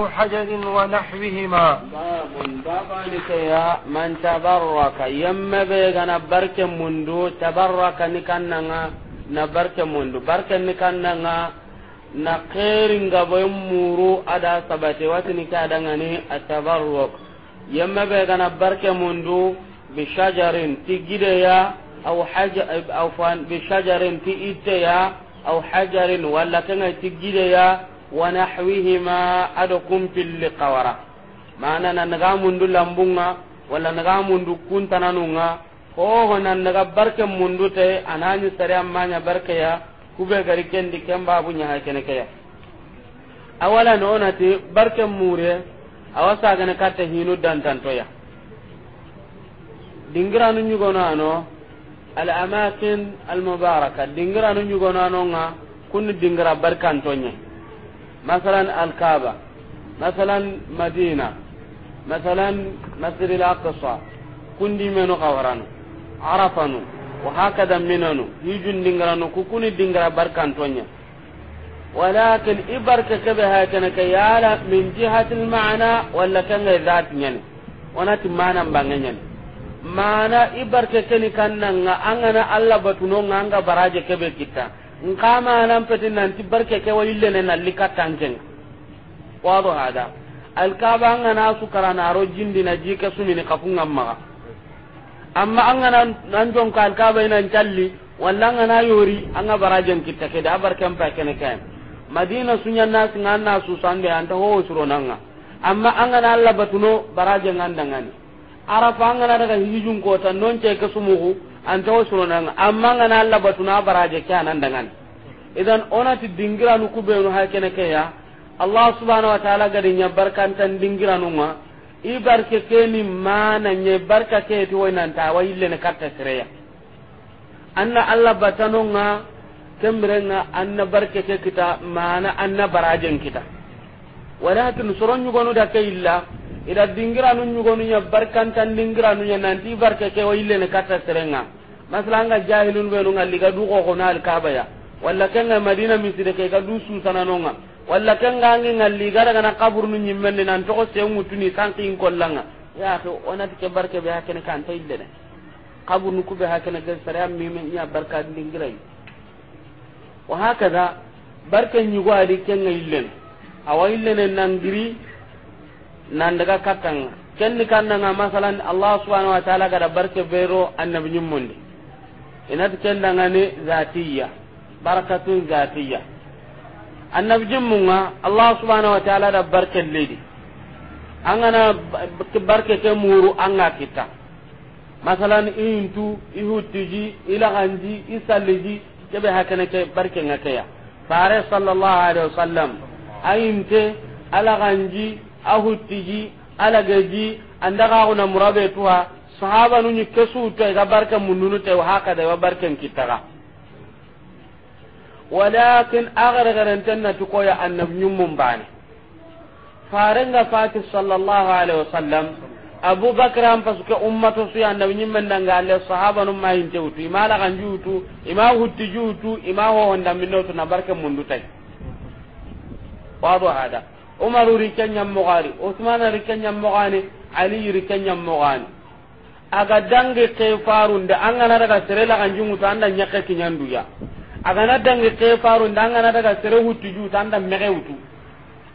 حجر ونحوهما باب بابانك يا من تبرك يما بيغنا برك مندو تبرك نكننا نبرك مندو برك نكننا na kerin gabayin muru ada sabate wata ni kada ngani atabarruk yamma be gana barke mundu bi shajarin ti gide ya aw haja aw fan bi shajarin ti itte ya aw hajarin walla kana ti gide ya ونحوهما أدكم في اللقورة معنى ننغامون دو لامبونا ولا نغامون دو كنت نانونا هو ننغا بركة من دو تي أناني سريع مانيا بركة يا كوبي غري كندي كم بابو نيها كنكيا أولا نونتي بركة موري أوسا غنكاتا هينو دانتان تويا dingiranu ñugonano al amakin al mubaraka dingiranu ñugonanonga kunni dingira barkantoñe مثلا الكعبة مثلا مدينة مثلا مسجد الأقصى كندي منو قورانو عرفانو وهكذا منانو يجون دينغرانو كوكوني دينغرا بركان تونيا ولكن إبرك كبها كان كيالا من جهة المعنى ولا كان ذات يعني ونات معنى بانين معنى إبرك كني كان أنا أنا الله بتنو أنا براجة كبه كتا nkama nan petin nan ti barke ke wa na nan alli katanken wado hada kaba an gana su karana ro jindi na jike su mini kafun amma amma an gana nan don ka kaba ina jalli walla an gana yori an ga barajen kitta ke da barkan pa ne kan madina sunya nas ngan nasu sande anta ho suro nanga amma an gana Allah batuno barajen dangani arafa an gana daga hijun kota non ce ka sumuhu an tawo suronanga amma ngana batu na baraje ke anan dangan idan onati dingira nu kubenu hakene ke ya allah subhanahu wa ta'ala gadi nya barkantan dingira nu ma i barke ke ni mana nya barka ke ti woinan ta wa ne katta sireya anna batanu nga kemrenga anna barke ke kita mana anna barajen kita walakin suron yugonu da kayilla illa ida dingiranu dingira nu nyana nti barke ke wa illene katta serenga masala nga jahilun ko liga du kaaba ya walla kenga madina sire ke ga du sananonga walla kenga ange ngalli nu nyimmen ne nan toxo sengutuni langa kollanga yaxe onati ke barke ɓe ha kene kanta illene kaburnu kuɓe ha kene ge mi mime ña barka yi wa hakada barke ken adi ille ne awa nan nangiri nan daga kenni kannanga masalan allah subhaana wa ta'ala gada barke bero annabi nyummundi inati kendangani zatiya barakatun zatiya annabi jimmunga allah subhaana wa ta'ala da barke lidi angana barke ke muru anga kita masalan intu ji i isalliji kebe hakene ke barke ngakeya fare sallallahu alaihi wasallam ayinte ji. a ala gaji andaga kuna murabe tuwa sahaba nu ni kesu to ga barka mununu te wa haka da barkan kitaga walakin agargaran tanna to ko ya annabiyun mun bani farenga fati sallallahu alaihi wasallam abu bakr am pasuke ummato su annabiyun men danga alle sahaba nu mai te utu imala kan jutu ima hutti jutu ima ho honda minno to na barkan mundu tai wado hada umar uri kenya mogari usman uri kenya mogani ali uri kenya mogani aga dange ke farun da an gana daga sere la kanjin mutu anda nyaka kinyan duya aga na dange ke farun da an gana daga sere hutu ju ta anda mege hutu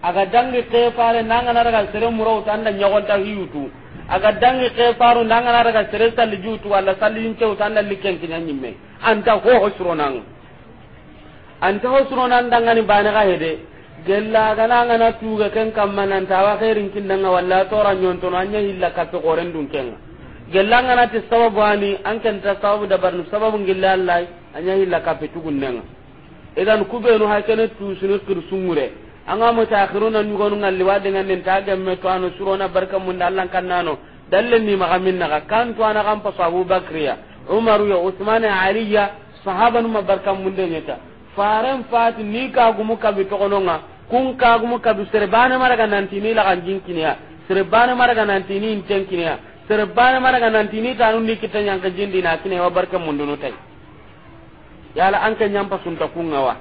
aga dange ke fare da an gana daga sere muro ta anda nyagon ta hiutu aga dange ke farun da an daga sere salli ju tu wala salli yin ke ta anda likken kinyan nyimme anta ho hosro nan anta hosro nan dangani bana ga hede gella gana ngana tuga ken kamma nan tawa khairin kindanga walla tora nyonto no anya illa to koren dun ken gella gana ti sababu ani an kan ta sababu da barnu sababu gella Allah anya illa kappe nan idan kubenu hakene tu sunu kir sumure nan gonu taakhiruna liwa ngalli nan ta ga me to anu surona barka mun kan nano dalle ni maga minna ka kan to ana pa Abu Bakriya Umaru ya usman ya Ali ya sahaban ma mun de faren fati ni ka kagumu kabi nga kun ka kagumu kabi serbane maraga nantini ni jinkiniya serbane maraga nantini intenkiniya serbane maraga tanu ni kita ñanka jindina kine wa mundu mundunu tay yala anke ñampa kun nga wa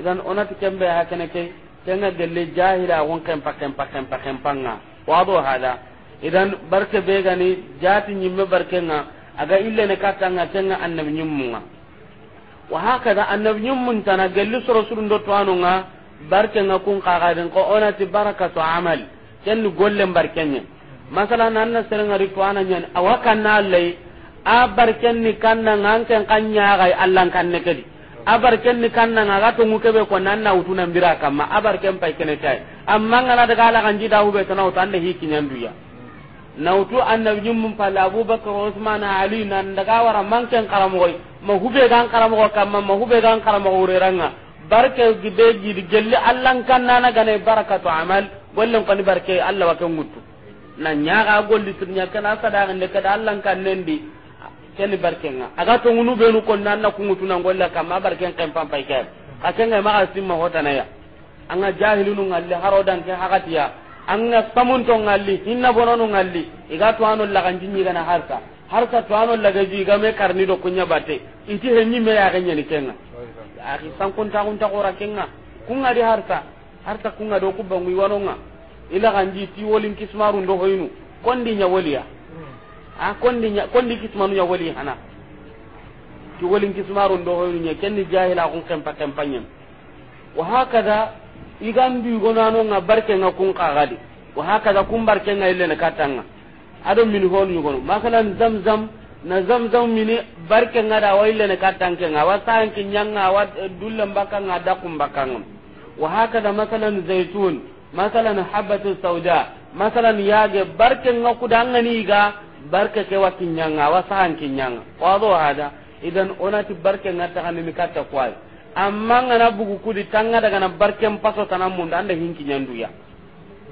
idan onati kembe ha kene ke kenga gelle jahila gon kempa kempa kempa nga wado hada idan barke begani jati nyimme nga aga ille ne katanga tenga annabi nga. wa hakada annabi nyum mun tana galli soro surun do to nga barke nga kun qaqaden ko onati barakatu amal ken golle barkenya masalan anna serenga rituana nyen awakan na lay abar barken ni kanna nganken kanya gai allan kanne kedi abar barken ni kanna nga to ngukebe ko nanna utuna mbira kama abar barken pa kene tai amma ngana daga ala kanji da hube to nauta ande hiki nyanduya nautu annabi nyum mun pala abubakar usman ali nan daga wara manken karamo ma hube gan karamogo kam ma hube gan karamogo reranga barke be gidi gelli allan na gane barakatu amal wallan kan barke allah wa wake nguttu na ga golli turnya kana sadaga ne kada allan ken barke nga aga to ngunu benu kon ku kungutu na golla kamma barke kan pam pai kan ken ma hota na ya anga jahilunu ngalle harodan ke hakatiya anga samun to ngalli hinna bononu ngalli iga to anu kan jinni kana harta har ta to anon laga ji ga me karni do kunya bate inti he ni me ya ga nyani kenga akhi san kun ta kun ta ora kenga kunga di harta harta kunga do ku wano nga. ila ganji ti wolin kismarun do hoyinu kondi nya woliya a kondi nya kondi kismanu nya woli hana ti wolin kismarun do hoyinu nya kenni jahila kun kempa kempanya wa hakada igambi gonano nga barke nga kun kagadi wa hakada kun barke nga ile ne katanga ado min hol nyugo makalan zamzam na zamzam mini barke ngada wayle ne katanke ngawa sanki nyanga wa dulle mbaka ngada ngam wa hakada masalan zaitun masalan habatu sauda masalan yage barke dangani ga barke ke wa kinyanga wa sanki nyanga wado hada idan onati barke ngata kan mi katta kwai amma ngana bugu kudi tanga daga na barke mpaso tanamunda ande hinki nyanduya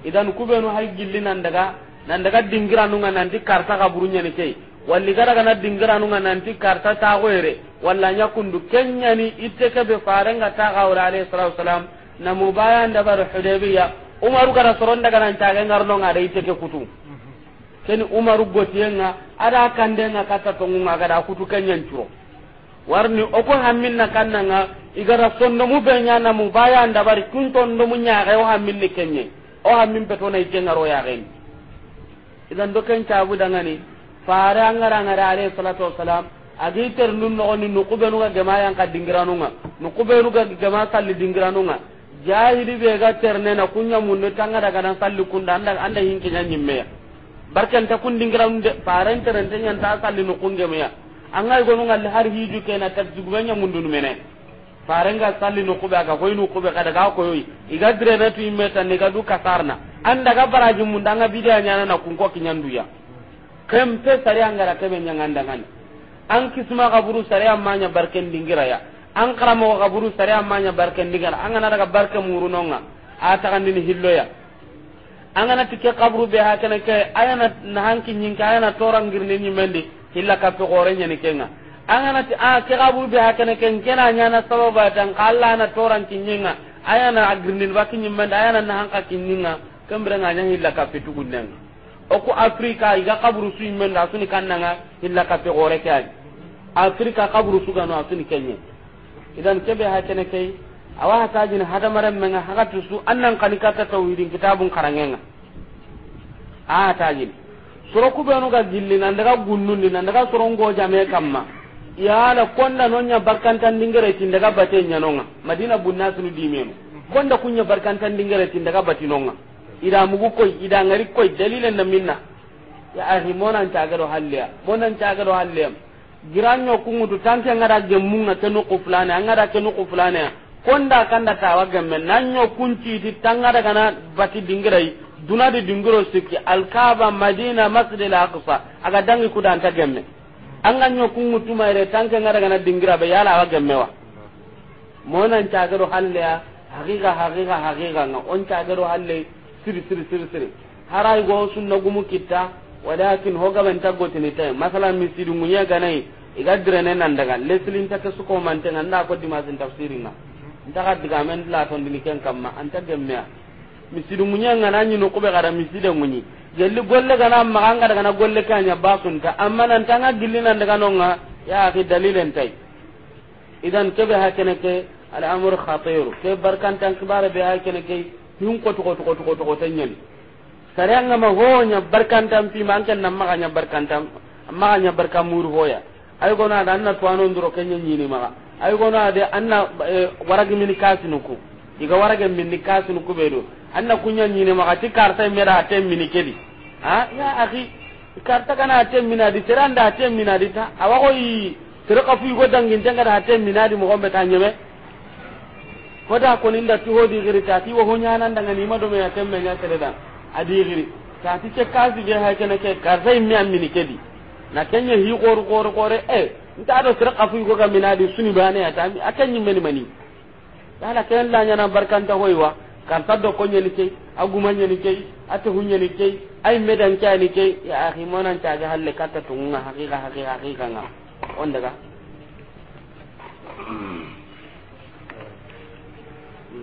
idan kubenu hay gillinan daga nan daga dingira nunga nanti karta kaburu nyani kei walli gara gana dingira nunga nanti karta tagoyere walla nyakundu kenyani itte kebe farenga taga wala alayhi salatu wasalam na mubaya ndabar hudaybiya umaru gara soronda gana ntage ngarno nga da itte ke kutu keni umaru gotiyenga ada kandenga kata tongunga gada kutu kenyan curo warni oko hamminna kannanga igara sondomu be nga mu baya ndabari kun tondomu ñaxe o hamminni kenye o hammin betona i kengaro yaxeni idan do ken cabu dangani fare angara ngara alayhi salatu wassalam agiter nun no ni nu kubenu ga gema yang ka nga nu kubenu ga gema salli nga jahili be ga terne na kunya mun ne tanga daga nan salli kunda anda anda hinke nyanyi me barkan ta kun dingiran de faran teren tan yang ta salli nu kun kunge ya angai gonu ngal har hiju ke na tak ta nya mun nu mene faran ga salli nu kuba ga koynu kuba ga daga koyoyi iga dire na tu imme tan ne ga du kasarna anda ga baraji mun danga bidia nyana na kun ko kinyanduya kempe sare angara kebe nyanganda ngani an kisma kaburu sare amanya barken dingira ya an karamo kaburu sare amanya barken dingira an ngana daga barke murunonga ata kan dini hilloya an ngana tike kaburu be hakana ke ayana na hanki nyinka ayana torang girni ni mendi hilla ka to gorenya ni kenga an ngana ti a ke kaburu be hakana ken kena nyana sababa tan kala na torang kinyinga ayana agirnin bakin nyimenda ayana na hanka kinyinga kambira nga nyang illa kape tugunnang oku afrika iga kaburu su immen da suni kannanga illa kape gore kay afrika kaburu su gano asuni kenye idan kebe ha tene kai awa ta jin hada maran ha haga tusu annan kanika ta tawhidin kitabun karangenga a ta jin soro kubenu ga jilli nan daga ni nan daga sorongo jame kamma yala konda nonya barkantan dingere tin daga bate nyanonga madina bunnasunu dimenu konda kunya barkantan dingere tin daga batinonga ida mugu koy ida ngari koy dalilan na minna ya ahi monan tagaro halliya monan caga do halliya giranyo kungudu tanke ngada gemmunga kenu kuflana ngada kenu kuflana konda kanda tawa gemme nanyo kunci di tangada kana bati dingrai duna di dingro sikki alkaba madina masjid al-aqsa aga dangi kudanta gemme anganyo kungutu maire tanke ngada kana dingra be yala wa gemme wa monan tagaro halliya haqiqa haqiqa haqiqa nga on tagaro halliya siri siri siri siri harai go sunna gumu kitta walakin ga ban tagotini tay masalan sidu munya ganai iga direne nan daga leslin ta su ko mante nan da ko mazin tafsirin na ga diga men la ton ma ken kamma anta gemmea sidu munya ngana nyi no ko be gara sidu munyi jelli golle gana maganga daga na golle kanya ta amma nan tanga nan daga nonga ya ki dalilen tay idan ke kebe hakene ke al amru khatir ke barkan tan kibara be hakene ke hin ko to ko to ko to ko tanyen sareng ma ho nya barkantam pi man kan namma nya barkantam amma nya barkam mur ya ay na dan na to anon duro kenya ni ma ay gona da anna eh, waragi min kasinuku diga waragi min an na anna kunya ni ma ti karta mera tem min kedi ha ya akhi karta kana tem min adi seranda tem min adi ta awako yi tere kafu go dangin tanga da tem min adi mo gombe tanyeme kota ninda ti hodi giri tati wo nan daga ni ma do me atembe nya da adi giri tati ce kazi je ha kana ke mi immi amini kedi na kenye hi gor gor gore e eh, nta do sira kafu go ga minadi suni bane atami akanyi meni mani dala ken la nyana ta hoiwa kan do ko nyeli ke aguma nyeli ke ate hu nyeli ke ay medan kya ni ke ya akhi monan ta ga halle katta tunga hakika hakika hakika nga on daga hmm.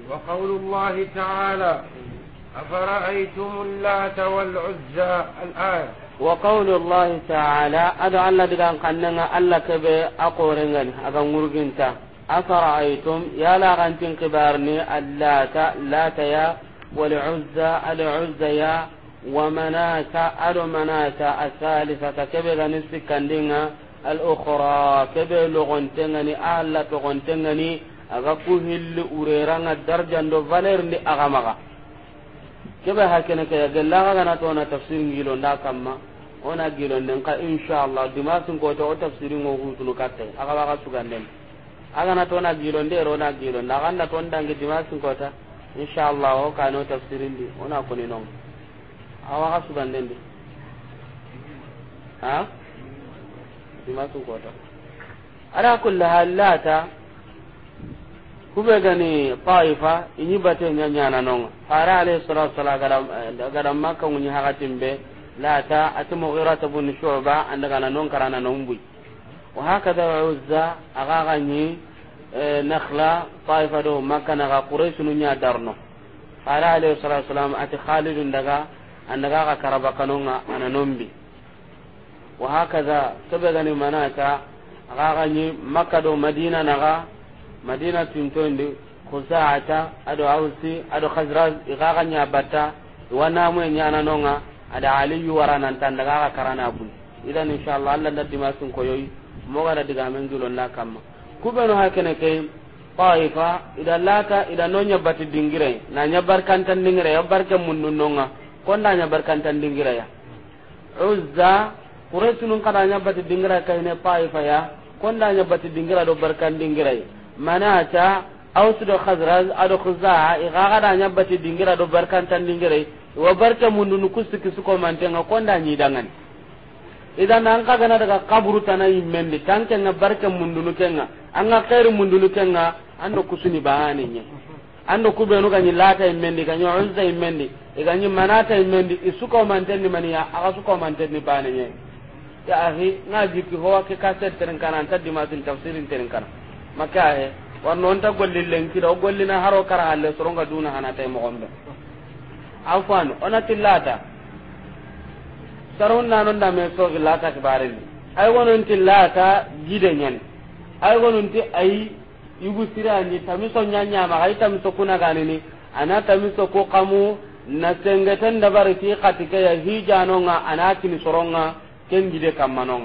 وقول الله تعالى أفرأيتم اللات والعزى الآية وقول الله تعالى أدعى ألا دقان قننا ألا كبه أقورنغن أغن مرغنتا أفرأيتم يا لا غنتين كبارني اللات لات يا والعزى العزى يا ومناة ألو مناة الثالثة كبه غنسي كندنا الأخرى كبه لغنتنغني أهلا تغنتنني aga ku hilli ureranga darjando valer ndi aga maga kebe hakene ke gella ga na to na tafsir ngilo nda kamma ona gilo nden ka insha Allah dimasin ko to tafsir ngo hutunu katte aga maga suganden aga na to na gilo nde ro na gilo nda ga na to ndangi dimasin ko ta insha Allah o ka no tafsirin di ona ko ni non awa ga suganden di ha dimasin ko ta ala kullu halata kube gani taifa inyi bate nya nyana non fara alayhi salatu wassalam garam garam makka munyi hakatin be la ta atmu ghirata bun shu'ba anda kana non karana non bui wa hakada uzza aga gani e, nakhla taifa do makka na quraish nya darno fara alayhi salatu wassalam ati khalid daga anda ka karaba kanonga ana nombi wa kube gani manaka aga gani makka do madina naga madina tintondi khusa'ata ado ausi ado khazraj igaga nya batta wana mu nya nanonga ada aliyu waranan tanda ga karana bun idan inshallah Allah da dimasun koyoyi mo ga da diga men julo na kamma kubeno hakene ke qaifa idan laka idan nonya batti dingire na nya tan dingire ya barkan mun nonga ko na nya tan dingire ya uzza quraysunun kada nya batti dingire kayne qaifa ya ko na nya batti dingire do barkan dingire manata aus do khazraz ado khuzaa igaga da nyabati dingira do barkan tan dingire wa barka mundu nu kusiki suko mantenga konda nyi dangan idan an ka gana daga kaburu tana immendi tan na barka mundu nu kenga an ga khairu mundu nu kenga ando kusuni bahane nye ando kube nu ganyi lata immendi ganyi uzza immendi ganyi manata ko immendi ni mani ya aga su ko suko ni bahane nya ya ahi na jiki ho ke kaset tan kanan tan dimatin tafsirin tan kanan makahe warno onta golli lenki do gollina haro kara halle soronga duna hanata mo gombe afwan onati lata saron nanon da me so lata ni ay wonon ti lata gide nyen ay wonon ti ay yugu sirani tamiso nyanya ma ay tamiso kuna ganini ana tamiso ko kamu na sengeten dabari ti katike ya hijanonga anati ni soronga ken gide nga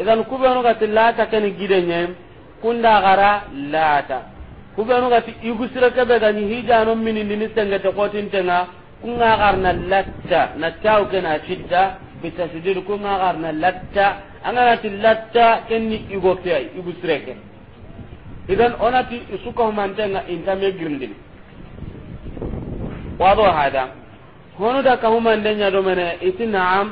idan kubenu ga ti lata ken gide nyen kunda gara lata kubenu gati igusira kebe gani hijano mini ni sengete kotintenga nga garna latta na taw kana shidda bitasdid kunga garna latta angana ti latta kenni igo kai igusira ke idan onati isuka mantenga nga girndin wado hada hono da ka humande nya do naam laata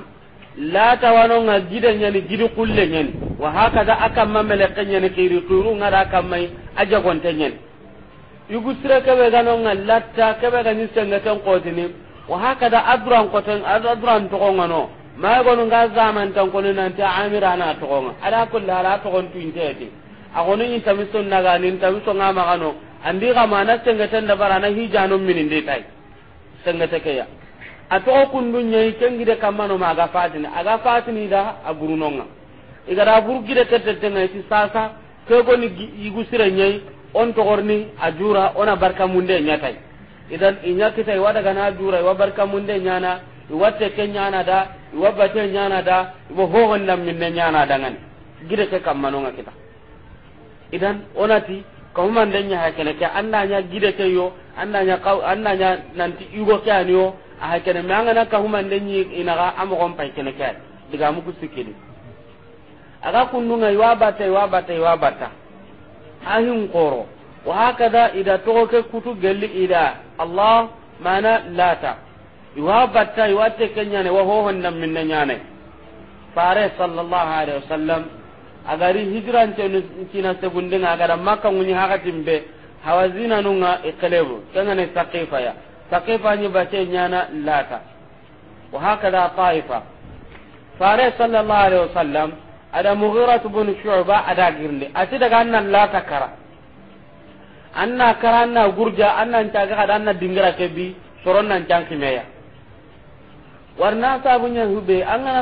lata wanonga gidenya ni gidi kulle nyani wa haka da aka mamale kanyen kiri kiru ngara mai aja gontenye yugu sire kebe gano ngalatta kebe ganyi senge ten kotini wa haka da adran koten adran ngano ma gonu ga zaman tan kono ta amira na tokonga ala kulli ala tokon tuintete agonu ni tamison naga ni tamison ngama gano andi ga mana senge ten da barana hijanu minin detai senge tekeya atoko kundunya ikengide kamano ga fatini aga fatini da nonga. igara burgide ketetenga isi sasa ni yigusire nyai on togorni a jura ona barka munde nyatai idan iñakita iwada gana jura iwa barka munde nyana iwa teke nyana da iwa bate nyana da iwa hohon nyana da dangani gire ke kammanonga kita idan onati kamumande ñaha kene ke nya gire ke yo anna nya nanti igo ke ani a aha kene me angana kahumande ñi inaga a mogon pay kene ke digamuku sikkidi aga kundunga iwa bata iwa bata iwa bata ahin koro wa hakada ida togo ke kutu gelli ida allah mana lata iwa yuwa iwa kenya ne wa hohon nan minna nyane fare sallallahu alaihi wasallam agari hijran ce kina segunde aga da makka ngunyi haka be hawazina nunga ikalebu kenga ne saqifa ya saqifa ni bace nyana lata wa hakada taifa fare sallallahu alaihi wasallam ada mughirat bin shu'ba ada girni ati daga annan la takara anna kara anna gurja anna ntaga kada anna dingira ke bi soron nan jang kimeya warna sabunya hube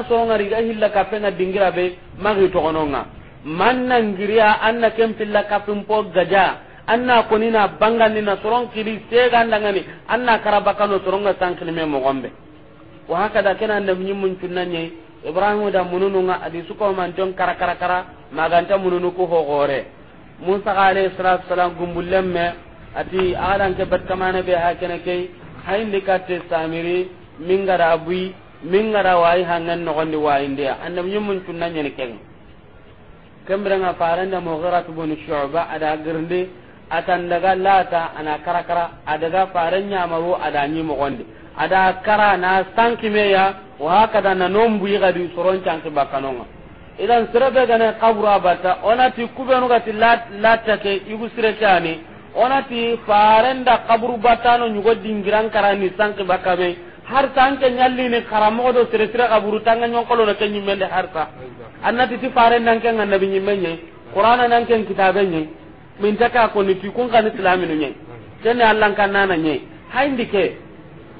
so ngari ga hilla ka pena dingira be magi to gononga man nan giriya anna kem ka kapin po gaja anna kunina bangan ni na soron kili se sega ndangani anna karabakano soronga sankini me gombe wa hakada kenan da mun mun tunanye ibrahimu da mununu nga adi man ton kara kara kara maganta mununu ko ho gore musa alayhi salatu wasalam gumbullemme ati ke batkamane be hakene kei hayndi likate samiri min gara bui min gara no gondi wai ndia andam yimmun cunna ñeni keng kembirenga farenda mughiratu bun shuba ada girndi atan daga lata ana kara karakara adaga faren ñamaru ada gondi ada kara na ya wa da na nombu yi gadi soron canki bakkanonga idan sirebe gane kaburu abata onati kubenugati lattake igu sire cani onati farenda kaburu battano ñugo dingiran ki sanki bakkame har sanke ni karamogo do sire sire kaburu tanga ñonkolono ke sa. an annati ti farendanken annabi ñimme ñe qur'ana nanken kitabe ñe min taka ni ti kun kani silaminu ñe kenne allankannana ñe hayndi ke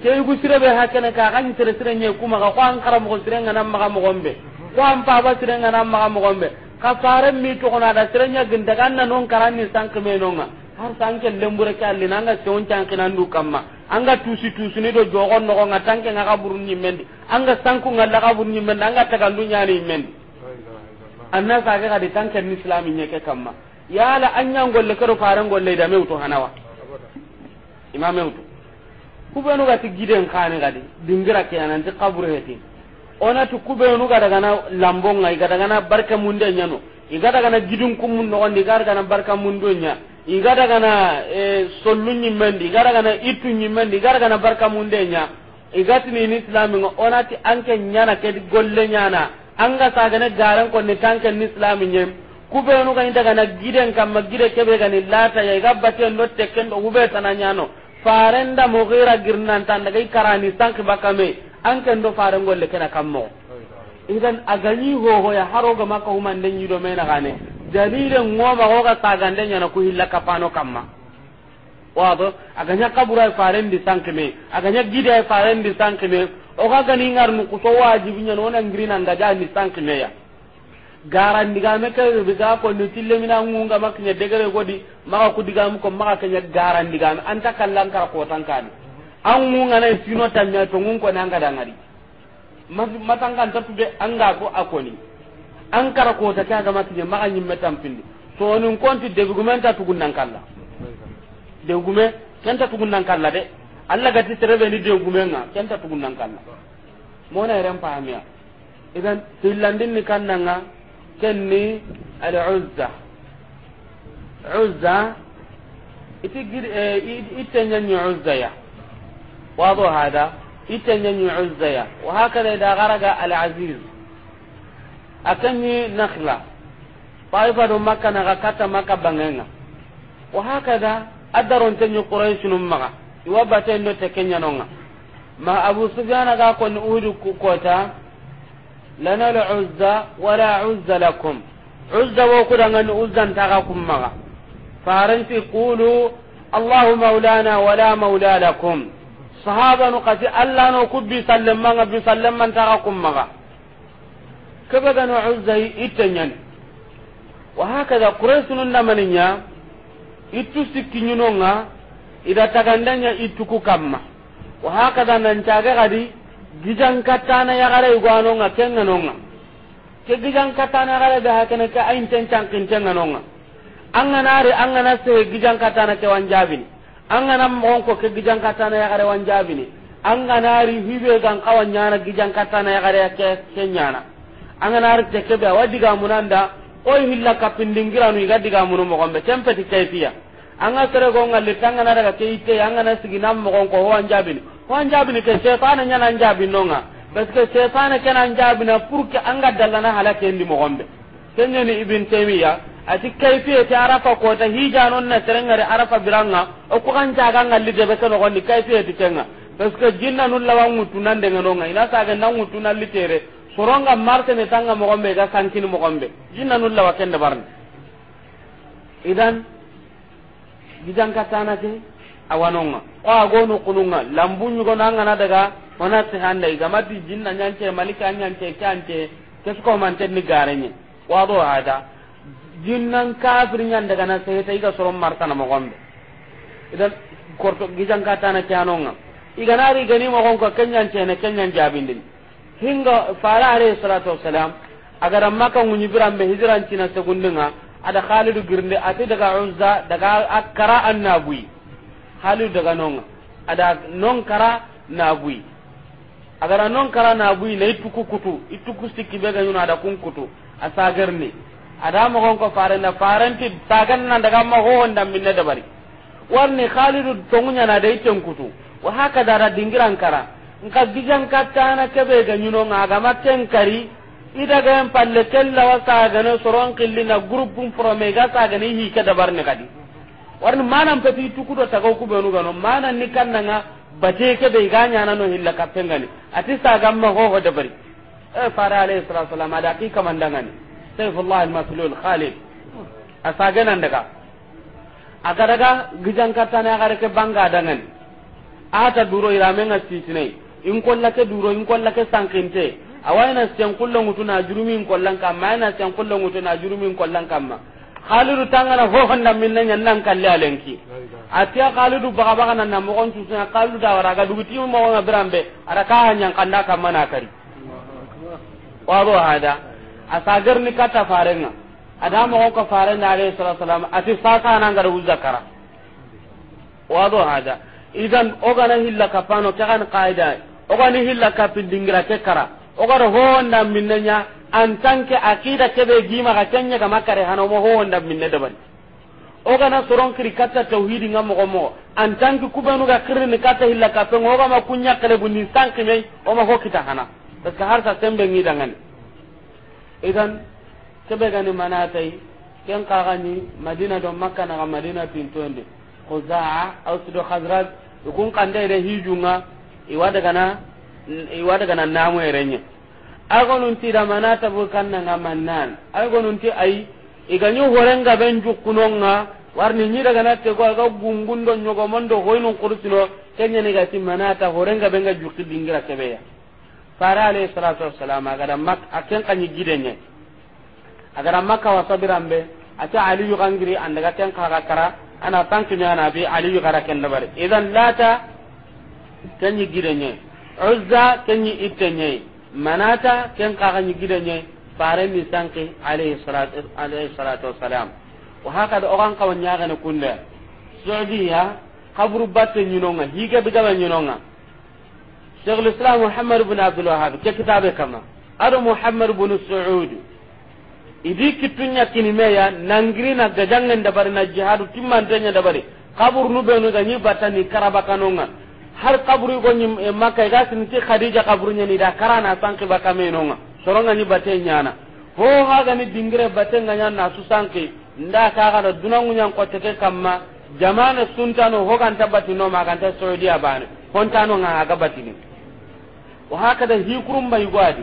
ke yugu sirebe hakene ka ga nyitire sire nye kuma ka kwan karam ko sire ngana maga mogombe kwan pa ba sire ngana maga mogombe ka fare mi to kona da sire nya ginda ganna non karanni sank me nonga har sanke lembure ka alli nanga seon tanke nan du kamma anga tusi tusi ni do jogon no nga tanke nga ka nyimendi anga sanku nga da ka nyimendi anga ta gandu nya ni mendi anna sa ga di tanke ni islami nye ke kamma yala anya ngolle karo fare ngolle da mewto hanawa imamewto kubenu gati giden kane gadi dingira ke ananti kaburu heti onati kubenu gada gana lambonga igada gana barka munde nyano igada gana gidun kumun no ndi gada gana barka mundu nya igada gana e, sollu nyimendi igada gana itu nyimendi igada gana barka munde nya igati ni ni islami ngo onati anke nyana ke golle nyana anga sagane garan ko ni tanke ni islami nyem kubenu ga daga na giden kamma gide kebe gani lata ya igabba ten do tekken do ube tananyano farenda mugira girnan tan daga karani sanki me an kan do faren golle kana kammo idan agani ho ho ya haro ga maka huma nden yido na gane dalile ngoba ho ga sagande nyana ku hilla kapano kamma wado aganya kabura faren di sanki me aganya gida faren di sanki me o ga gani ngar nu ku to wajibi nyana ona ngirina ngaja ni sanki me ya garandigame ke ga konni tille mina ngunga maknya degere godi maka kudigamu ko maka kenya garandigame anta kallan kara ko tankani an ngunga na sino tanya to ngun ko nanga dangari matangkan ta be anga ko akoni an kara ko ta kaga maknya maka nyimme tampindi to nun konti degumenta tugunnan kalla degume kenta tugunnan kalla de alla gati terebe ni degumenga kenta tugunnan kalla mona ren pahamia idan tilandin ni kannanga kenni al uzza uzza iti gid itenya ni uzza ya wado hada itenya ni uzza ya wa hakada da garaga al aziz akanni nakhla taifa do makka na kata makka banganga wa hakada adaron tenyu quraish num maga iwa baten no tekenya nonga ma abu sufyan ga ko ni uhudu kota lana la uzza wala uzza lakum uzza wo kudangani uzzan taga kummaga faranti qulu allahu maulana wala maula lakum sahaba nu kati allah no kubbi sallamanga bi sallaman taga kummaga kebe gano uzza itenyan wa hakaza quraysh nun namaninya itu sikkinyunonga ida tagandanya ituku kamma wa hakaza nan caga gadi gijan katana nga kenga nonga ke gijan katana yagare be hakene ke ayin tencan kintenganonga an angana sehe gijan katana ke an wanjabini angana ko ke gijan katana an wanjabini anganari hibe gan kawa nyana gijan katana yagare ke an ke ba wadi ga munanda oy hilla kapindingiranu iga digamunu mogombe tempeti kayfiya anga sere go tanga na daga ke ite anga na sigi nam mo gon ko ho anjabini ho anjabini ke setan nya na anjabini nonga parce que setan ke na anjabini pour que anga dallana halake ndi mo gombe kenya ni ibn taymiya ati kayfiye ti arafa ko ta hijanon na serengare arafa biranga o ko kan jaga ngalli de be kono gonni kayfiye ti kenga parce que jinna nun lawa ngutu nan de ngononga ina saga nan ngutu nan litere soronga marte ne tanga mo gombe ga kankini mo gombe jinna nun lawa kende barne idan gijankatanate awanonga ko agonu kununga lambu ñugono angana daga ona ga igamati jinna ñance malika ñance kance kesukomantenni gareñe wado ada jinnan kafir ñan daga na seheta iga soro martana mogonɓe idan korto gijankatana canonga iganari gani mogon ko kenñancene kenñan jabindin hinga fara alayhi salatu wassalam agara maka ŋuñibiranɓe hijirantina segundinga ada khalidu girnde ati daga unza daga akara annabui khalidu daga nonga ada nonkara nabui agara nonkara nabui na ituku kutu ituku sikki be ganyuna ada kun kutu asagarni ada gon ko fare ti tagan na daga ma ho honda minne dabari warni khalidu tongunya na dai iten kutu wa haka da dingiran kara nka gijan na kebe ganyuno ngaga maten kari ida ga idagaen palle tella wa ga sagane soron killina groupum prome ga hi ka dabar ne kadi warni manan peti tukudo ga no manan ni kan nan kannanga bate kebe iga ñanano hilla ka kappengani ati sa ga ma ho hoho dabari e fara alayhi salatu wasalam ada aki sayyidullah al-maslul khalid a nan daga aga daga gijan gijankattane ke banga dangani ata duro iramenga sitinai in kollake duro in kollake sankinte awaina sen kullo ngutu na jurumin kollan kamma ayna sen kullo ngutu na jurumin kollan ma khalidu tangana ho honda minna nan kalle alenki atia khalidu baga baga nan namo on tusna khalidu da waraga duguti mo wona brambe ara ka hanyan kanda ka mana kari do hada asagar ni kata farenga ada mo ko farenga alayhi salatu wasalam ati saka nan gar wa do hada idan ogana hilla kapano kagan qaida ogani hilla kapindingira kekara ogoro hohonda minne nya en tant que aqida keɓe gimaxa kenya ga makkare hanomo hohonda minne deɓani na soron kiri katta tawhidi nga mogo mogo en tant que kuɓenuga kirini katta hilla kapengo ogama kuñakkelebu ni sankimei oma hokkita hana parce que har sa sembe ngidangani idan keɓe gani manatayi ken kaxani madina do makka naxa madina tintondi kuzaa ausido hasrad ikun kandeyre hijunga iwa dagana iwada kana namu erenye agonun ti damana tabu kanna nga ngamannan agonun ti ai iganyu horenga benju kunonga warni nyi daga natte ko ga gungundo nyogo mondo hoyno kursino kenya ne gati manata horenga benga jukki dingira kebeya fara alayhi salatu wassalam aga da mak aken kanyi gidenye aga da makka wasabirambe ata aliyu kangiri andaga ken kaga kara ana tankinya na bi aliyu kara ken dabare idan lata kanyi gidenye uzza kenyi ittenye manata ken kaganyi gidenye fare mi sanki alayhi salatu alayhi salatu wassalam wa da ogan kawan nyaga na kunda saudiya kaburu batte nyinonga higa gaba nyinonga islam muhammad ibn abdul wahhab ke kitabe kama ادو muhammad ibn saud idi kitunya kinimeya nangri na gajangen dabari na jihadu timmantenya dabari kabur nu benu ga ni batani karabakanonga har kaburu go nyi eh, makka ga ti khadija kaburu nyi da karana sanki baka menonga soronga ni bate nyana ho ha ga ni dingre bate nganya na su sanki nda ka ga dunangu nyang ko teke kamma jamana suntano ho kan tabati no ma kan ta saudi abane hontano nga ga batini wa ka da kurum bai gwadi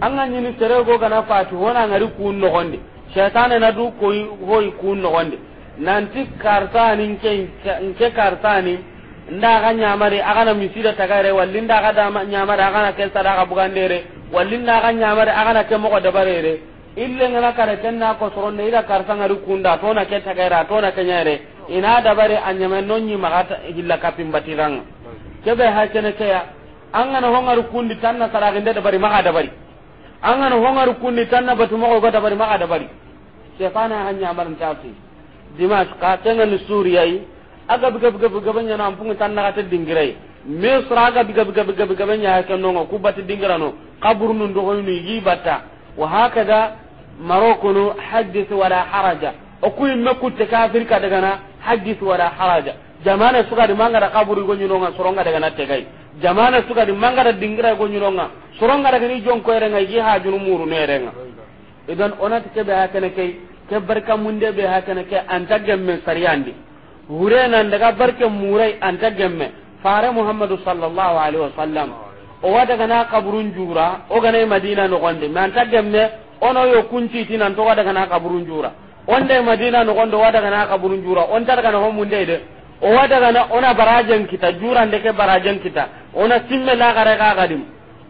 an ga ni sere go ga na fatu hona ngari ku no gonde shaytane na du ko hoy ku no gonde nanti kartani nke nke kartani nda ga nyamare aga na misira tagare walli nda ga dama nyamare aga na ken sadaka bugandere walli nda ga nyamare aga na kemo ko dabarere ille ngana kare tenna na ko soron ida karsa ngari kunda to na ke tagara to na kenyare ina dabare anyame nonyi magata hilla kapim batirang kebe ha kene kaya anga an ngana kundi tanna sadaka nda dabari maga dabari an ngana hongaru kundi tanna batu moko go dabari maga dabari sefana hanya maran tafi dimas ka tenga ni suriyai aga biga biga biga banya na ampungu tan na kata dingirai misra aga biga biga biga biga banya ya kan nonga ku bati dingirano qabru nun do hoynu yi bata wa hakada maroko no hadith wala haraja o ku imme kutte kafir ka daga na hadith wala haraja jamana suka di mangara qabru go nyuno nga soronga daga na tegai jamana suka di mangara dingira go nyuno nga soronga daga ni jonko erenga yi ha junu muru ne erenga idan onati kebe hakene kai ke barka munde be hakene kai anta gemme sariyandi hure nan daga barke murai ta gemme fare muhammadu sallallahu alaihi wasallam o wada gana kaburun jura o gana madina no gonde man ta gemme ono yo kunti tinan to wada gana kaburun jura onde madina no gonde wada gana kaburun jura on tar gana ho munde de o wada gana ona barajan kita jura ndeke barajan kita ona simme la gare ga gadim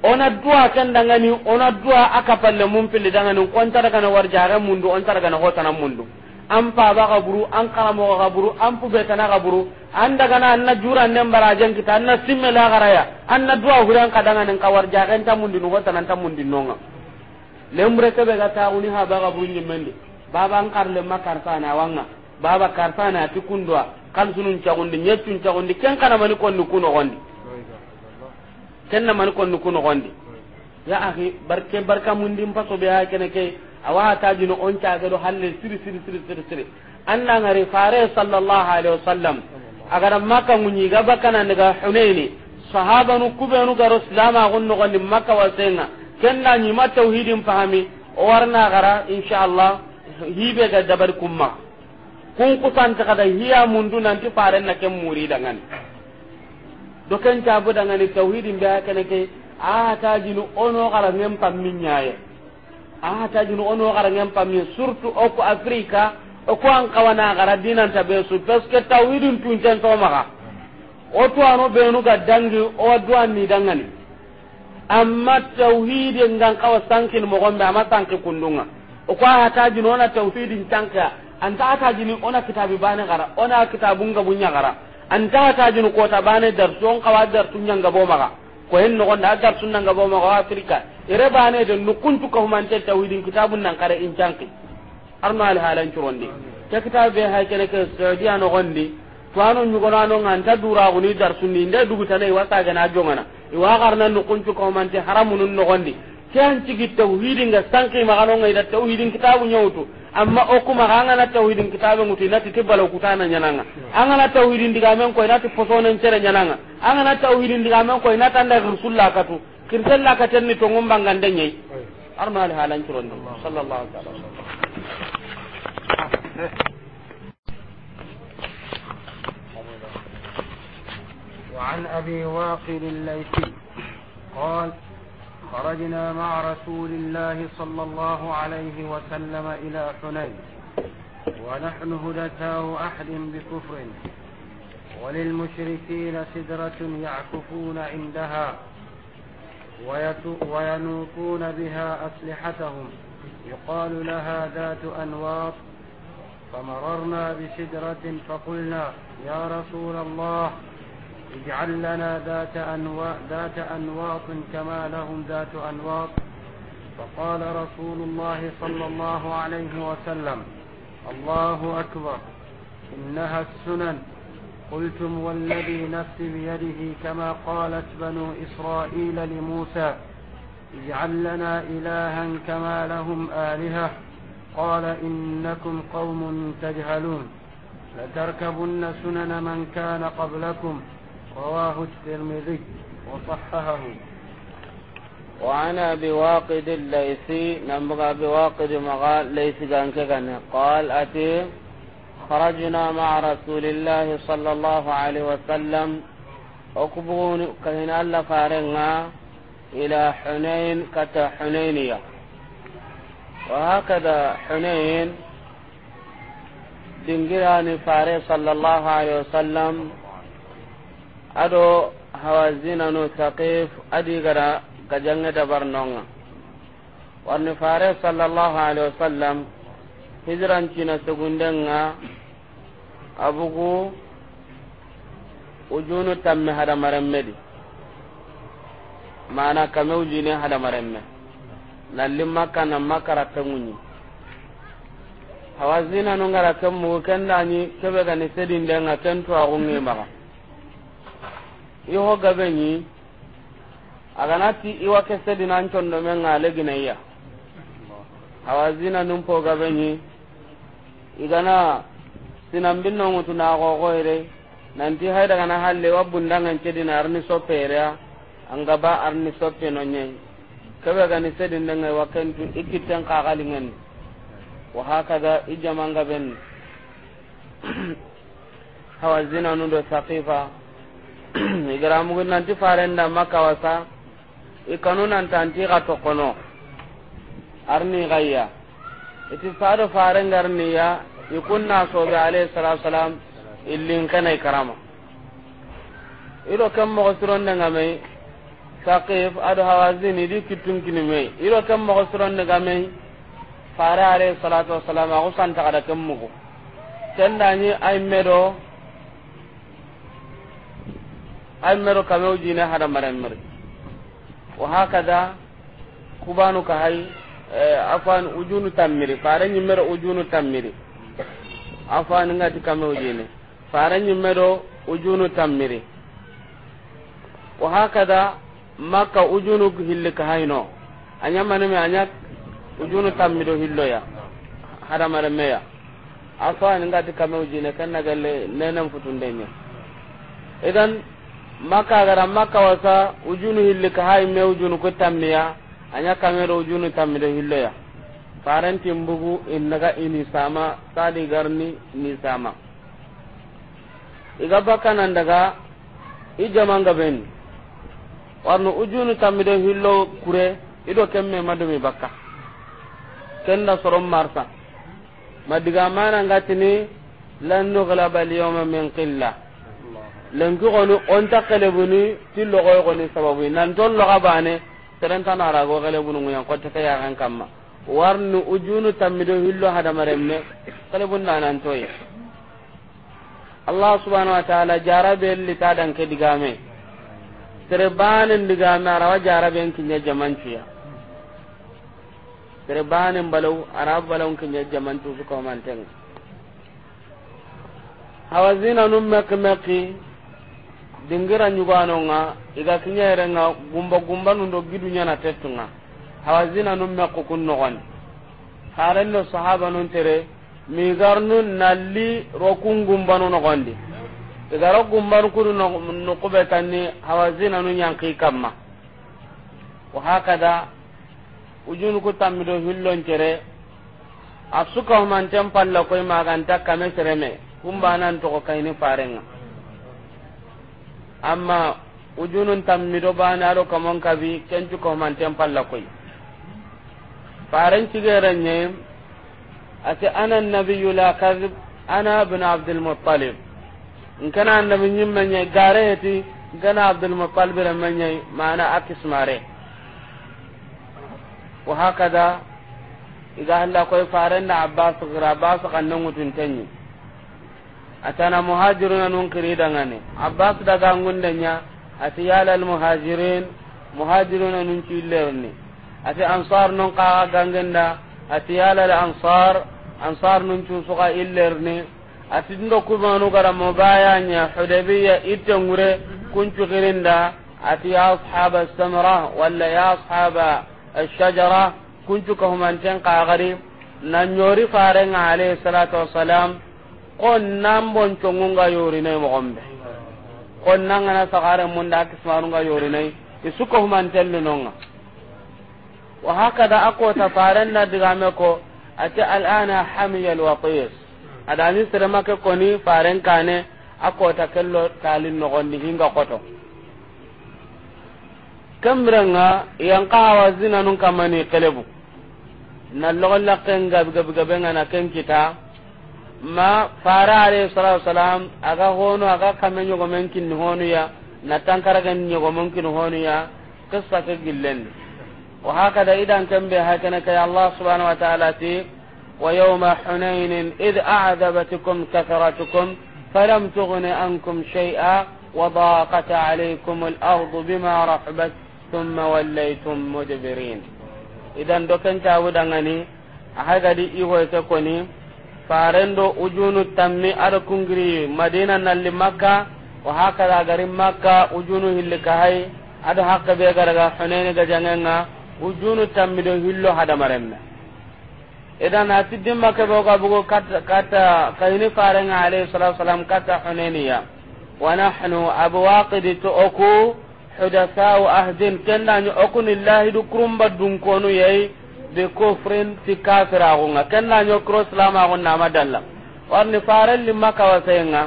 ona dua kan dangani ona dua aka mun mumpil dangani on tar gana warjare mundu on tar gana hotana mundu an fa ga buru an karamo ga buru an pube kana ga buru an daga na anna jura nan barajan kita anna simme la garaya anna duwa huran kadanga nan kawar jagan ta mundi no ta nan ta mundi nonga lembre ke be ga ta uni ha ba ga buru ni mende baba an karle makar sana wanga baba karfana ti kundwa kan sunun cagundi nyetun gondi ken kana mani nuku no gondi ken na mani nuku no gondi ya akhi barke barka mundi mpaso be ha kene ke awa ta jinu on ta ga do halle siri siri siri siri siri anna ngari fare sallallahu alaihi wasallam agar makka munyi ga bakana daga hunaini sahaba nu kubenu ga rasulama gonno gonni makka wasena kenna ni ma tauhidin fahami o warna gara insha hibe ga dabar kumma kun kusan ta kada hiya mundu nan ti fare na ken muri dangan do ken tabu dangan tauhidin ba kana ke a ta jinu ono gara ngem pamminyaaye ahatajunu ono garangen pammi surtout oko africa oko an kawana gara dinanta be su parce que tan to maga o tuwano benu ga dangi o ni dangani amma tawhidi ngan kawa sankin gombe ama sanki kundunga oko ahatajunu ona tawhidin ta anta atajini ona kitabi bane gara ona kitabunga bunya gara anta atajini kota bane dar tun kawa darsu nyanga maga. ko hen nogon da agar sunna ngabo ma ko afrika ire bane de nukuntu ko man te tawidin kitabun nan kare in janki arno al halan turonde ta kitab be ha kene ke saudiya no gondi to anu nyugona no nganta dura ni dar sunni nda dugu tanai wasa ga na jongana i wa garna nukuntu ko man te haramun no gondi ken cigi tauhidin ga sanki magano ngai da tauhidin kitabu nyawtu amma o kuma hangana tauhidin kitabu mutu inati tibalo kutana nyananga anga angana tauhidin diga men ko inati posonen cere nyananga anga angana tauhidin diga men ko inata nda rasulla katu kirsella ni to ngombanga ndenye arma al halan turon sallallahu alaihi wasallam وعن أبي واقل الليثي قال خرجنا مع رسول الله صلى الله عليه وسلم إلى حنين ونحن هدتاء أحد بكفر وللمشركين سدرة يعكفون عندها وينوقون بها أسلحتهم يقال لها ذات أنواط فمررنا بسدرة فقلنا يا رسول الله اجعل لنا ذات أنوا... ذات أنواط كما لهم ذات أنواط فقال رسول الله صلى الله عليه وسلم الله أكبر إنها السنن قلتم والذي نفسي بيده كما قالت بنو إسرائيل لموسى اجعل لنا إلها كما لهم آلهة قال إنكم قوم تجهلون لتركبن سنن من كان قبلكم رواه الترمذي وصححه وعن ابي واقد الليثي نمبر ابي واقد مقال ليس كان قال اتي خرجنا مع رسول الله صلى الله عليه وسلم اقبون كهنا الله إلى حنين كتا حنينية وهكذا حنين تنجراني فاري صلى الله عليه وسلم ado no saqif adi gara gajange nonga warni fare sallallahu alaihi wasallam hijrancina segundenga abugu ujunu tamme hadamaremmedi mana kame ujine hadamaremme nalli makka na makarate hawazina no ngara kemu kendani kendañi kebe gani sedindenga tentu tuwaxungi maxa iho gabeni aganati iwa kesedi nan condo men ngale ginayya awazina numpo gabeni igana sinambin ngutu mutu na gogo ire nanti hayda gana na halle wa bundangan cedi na arni sopere angaba arni sope no nyai kabe gani ni sedin nan ga wakantu ikiten ka galingan wa hakaza ijamanga ben hawazina nundo saqifa igara mugun nanti farenda makawasa ikanu nanta ti ga tokono arni gayya iti fado farengarniya ikunna ga alayhi salatu salam illin kana karama ido kam mo suronde ngame saqif ado hawazini di kitun me ido kam mo suronde ngame fara alayhi salatu wasalam ago santa kada kemmugo tendani ay medo ay mero kame ujine hada maran mere wa hakada kubanu ka hay eh, afan ujunu tammiri fare nyimero ujunu tammiri afan ngati kame ujine fare nyimero ujunu tammiri wa hakada makka ujunu hilli ka hayno anya maname anya ujunu tammido hilloya hada maran meya afan ngati kame ujine kan nagalle nenan futundenya idan maka gara maka wasa ujunu hilli ka hay me ujunu ko tammiya anya kamero ujunu tammido hillo ya parenti mbugu innaga ini sama sali garni ni sama iga bakana ndaga ijamanga ben warno ujunu tammido hillo kure ido kemme madumi bakka kenda soron marsa madiga mana ngatini lan nughlaba al yawma min qillah lenki goni onta kelebuni ti logoy goni sababu nan ton loga bane terenta na rago kelebuni nguyan kotte ke yagan kamma warnu ujunu tammido hillo hadamaremme kelebun na nan toy allah subhanahu wa ta'ala jarabe li ta dan ke digame tere banen digame arawa jarabe en kinya jamantiya tere banen balaw arab balaw kinya jamantu su ko mantenga hawazina num makmaki dingira nyuganonga iga kinyerenga gumba gumba nundo gidu nyana tettunga hawazina num me kukun nogon haranno sahaba nun tere mi garnu nalli rokun gumba nu nogondi iga ro gumba nu kudu nukube tanni hawazina nu nyanki kamma wa hakada ujunu ku tammido hillon tere afsukahumanten palla koy maganta kame sereme kumbanan togo kayni farenga amma ujunun do bani ado kamon kabi kencu komanten palla koy nye. ati ana nabiyu la kadhib ana bin abdulmutalib nkana annabi ñimmeñe muttalib nkana man remeñe mana mare wa hakada iga halla koy na abbas gira abbas kannengutuntenñi atana muhajiruna nun kiri dangane abbas daga ngundanya ati yalal muhajirin muhajiruna nun cillewni ati ansar nun ka gangenda ati yalal ansar ansar nun cusuka illerni ati ndo kubanu gara mubayanya hudabiya ngure. kuncu kirinda ati ya ashaba samra walla ya ashaba الشجرة كنت كهم أنتن قاغري ننيوري فارن عليه الصلاة والسلام kon nan bon congunga yorinai gombe kon nangana sagaren munda kismarunga yorinai isuko humantellu nonga wa hakada akota diga me ko ate al'ana hamiya alwatis adami ke koni faran kane akota kello talin gondi hinga koto yang yankawa zina nun kamani kelebu na gab gab gabgabigabenga na ken kita ma fara alayhi salatu wasalam aga hono aga kame nyogomen kinni honu ya na tankaragan nyogomen kinni honu ya qissa ke gillen wa hakada idan kambe hakana kay allah subhanahu wa ta'ala ti wa yawma hunain id a'dabatukum kathratukum falam tughni ankum shay'a wa daqat alaykum al-ardu bima rahabat thumma wallaytum mudbirin idan dokan tawu dangani ahagadi ihoyta koni farendo ujunu tammi ada kungiri madina nalli makka wa hakada garin makka ujunu hilli kahay ada hakka be garaga hunene ga jangenga ujunu tammi do hillo hadamaremme idan ati dimma ke boga bugo kata kata kaini farenga alayhi salatu wasalam kata huneniya wa nahnu abwaqidi to oku hudasau ahdin kendanyu okunillahi du kurumba dunkonu yai bi kufrin ti kafira gonga kenna nyo kro islama gon warni faran limma kawasenga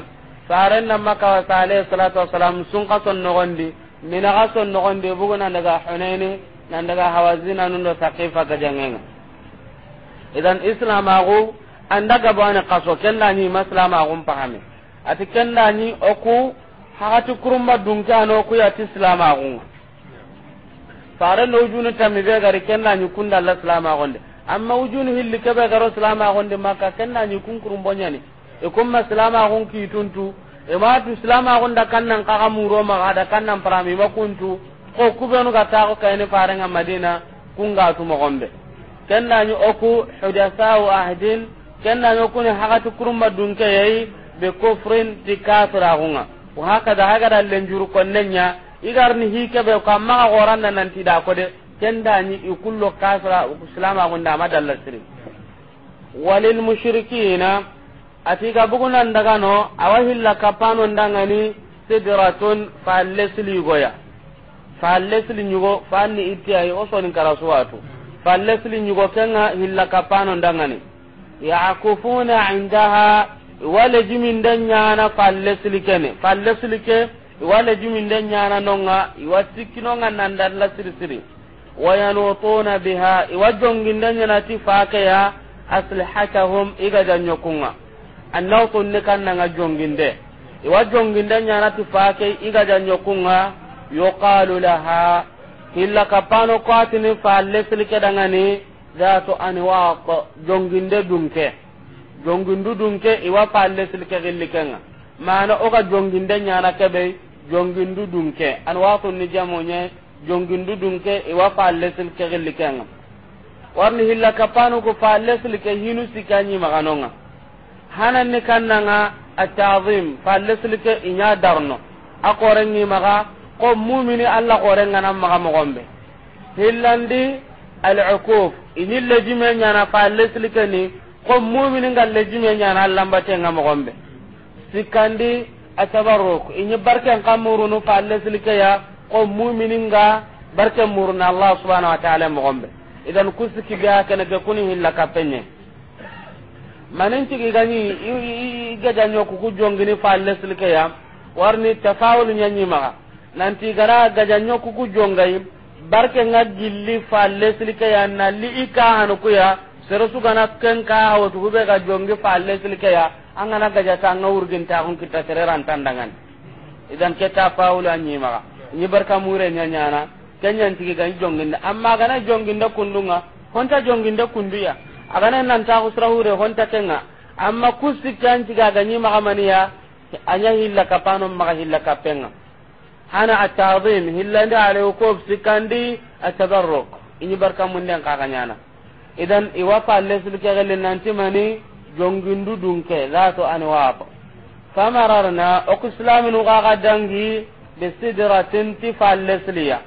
kawasa na salatu wassalam sun qason no gondi mina qason no gondi daga hunaini nan daga hawazina nun do saqifa ga jangenga idan islama go andaga bana qaso kenna ni pahame ati kenna ni oku hakati kurumba dunka no ku ya ti fare no ujunu tammi be gari kenna ni kunda Allah salama gonde amma ujunu hilli ke be garo salama gonde maka kenna ni kun kurum bonyani e kumma salama gon ki tuntu e ma tu salama da kannan ka ro ma ada kannan parami ma kuntu ko kubenu ga ta ko kayne fare nga madina ga tu mo gonde kenna ni oku wa ahdin kenna ni oku ni hakatu kurumba dunke yayi be kufrin tikafira gunga wa hakada hakada lenjuru konnenya igar ni igarni be ko amma ga goranda nan ti da ko de kenda ni ikullo kasra islama gonda madalla siri walil mushrikina atiga bugunan daga no awahil la kapano ndangani sidratun fa fallesli goya fa fallesli nyugo fanni itiyai osoni karasuwatu fallesli nyugo kenga hilla kapano ndangani yakufuna indaha wale jimin danyana fallesli kene fa fallesli kene wala jumin den nyana nonga iwa tikki nonga nandan la siri siri wayalutuna biha iwa jongin den nyana ti faake ya aslihatahum iga janyo kunga annaw tunne kanna nga jongin de iwa jongin den nyana ti faake iga janyo kunga yuqalu laha illa kapano qatini fa lesli kedanga ni zaatu anwaq jongin de dunke jongin du dunke iwa fa lesli kegilikenga mana oga jongin de nyana kebe jongindu dunke an watu ni jamonye jongindu dunke iwa fallesil ke gillikenga warni hilla kapanu ko fallesil ke hinu sikanyi maganonga hanan ni kannanga atazim fallesil ke inya darno akorenni maga ko mumini alla korenga nan maga mogombe hillandi al-ukuf ini lejime nyana fallesil ke ni ko mumini ngal lejime nyana alla mbatenga mogombe sikandi atabarruk ini barken kamurunu falle silikeya ko mumininga barken muruna allah subhanahu wa ta'ala mogombe idan kusiki ga kene ga kuni hilla kapenye manin tigi gani ga danyo ku kujongini falle silikeya warni tafawul nyanyi ma nanti gara ga danyo ku kujongai barken ga gilli falle silikeya na li ika hanukuya su gana ken ka hawatu hube ga jongi falle silke ya an gana gaja ta an urgin ta hun kita sereran tandangan idan ke ta paula an ma nyi barka mure nya ken nyan tigi ga jongin amma gana jongin nda kundunga honta jongin nda kunduya agana nan ta usra hure honta kenga amma kusikan tiga ga ni magamaniya anya hilla kapano ma hilla kapenga hana atazim hilla nda ale ko sikandi atadarruk ini barka mun den ka na. idan iwa palle sul kegelle nanti mani jongindu dunke zato ani waba famararna oku islaminu kaga dangi bisidratin ti lesliya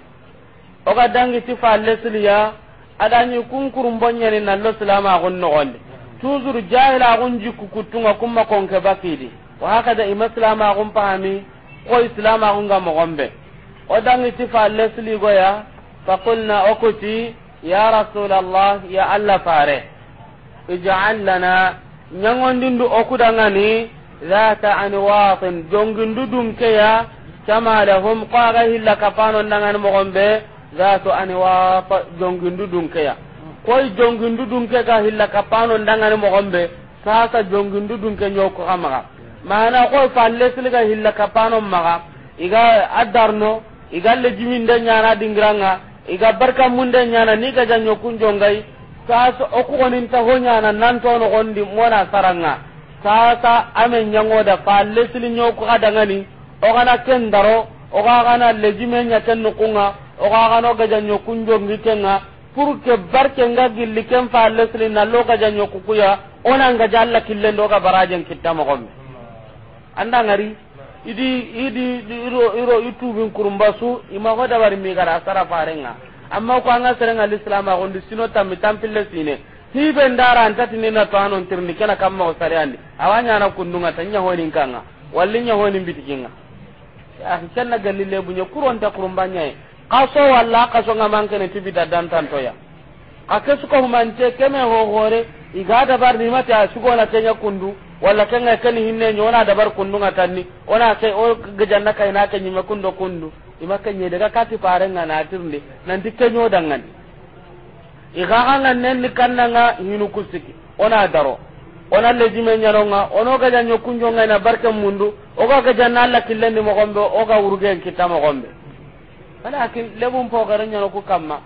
oka dangi ti lesliya. siliya adani kunkurum bonyani lo silama agun nogondi tuzur jahila agun jikku kutunga kumma konke bakidi wa hakada ima silama agun pahami ko islam agun ga mogombe o dangi ti falle siligoya fakulna okuti ya rasulallah ya allah fare ij'al lana ñangondindu okudangani ذات أنواط جنجن ددوم كيا كما لهم قاغه إلا كفانو نغان مغنبه ذات أنواط جنجن ددوم كيا koy jongindu ke ga hilla kafano ndangani mogombe sasa jongindu ke nyoko kamaga mana koy falle silga hilla kafano maga iga adarno iga lejiminde nyana dingranga iga barka munde nyana ni ga janyo kunjo ngai sasa oku gonin ta honya na nan to no gondi mona saranga sasa ame nyango da palle silin yo dangani o kana ken daro o ga kana lejime nya ken no kunga o ga kana ga janyo kunjo ngi kenga pour que barke nga gilli ken fa na lo ga janyo kukuya ona nga jalla kille ndo ga barajen kitta mo gombe anda ngari idi idi iro iro itu bin kurumbasu imago dabar mi gara sara farenga amma ko anga serenga l'islam a gondi sino tammi tampille sine hibe ndara antati ni na tano ntirni kana kamma o sare andi awanya na kundunga tanya honi kanga wallinya honi bitikinga ah kenna galile bunya kuronta kurumbanya kaso walla kaso ngaman kene tibida dantan toya akesuko humante keme ho hore iga dabar ni mata sugona tanya kundu wala kan ga kan hinne nyona dabar ngata tanni ona ke o gajanna kai na ke nyima kundo kundu ima ke ye daga kati parenga na tirnde nan dikke ni kan na nga hinu kusiki ona daro ona nyaro nga ono janyo kunjo nga na barke mundu oga gaja na killen ni mo gombe oga urgen kita mo gombe walakin lebum po garan nyaro ku kamma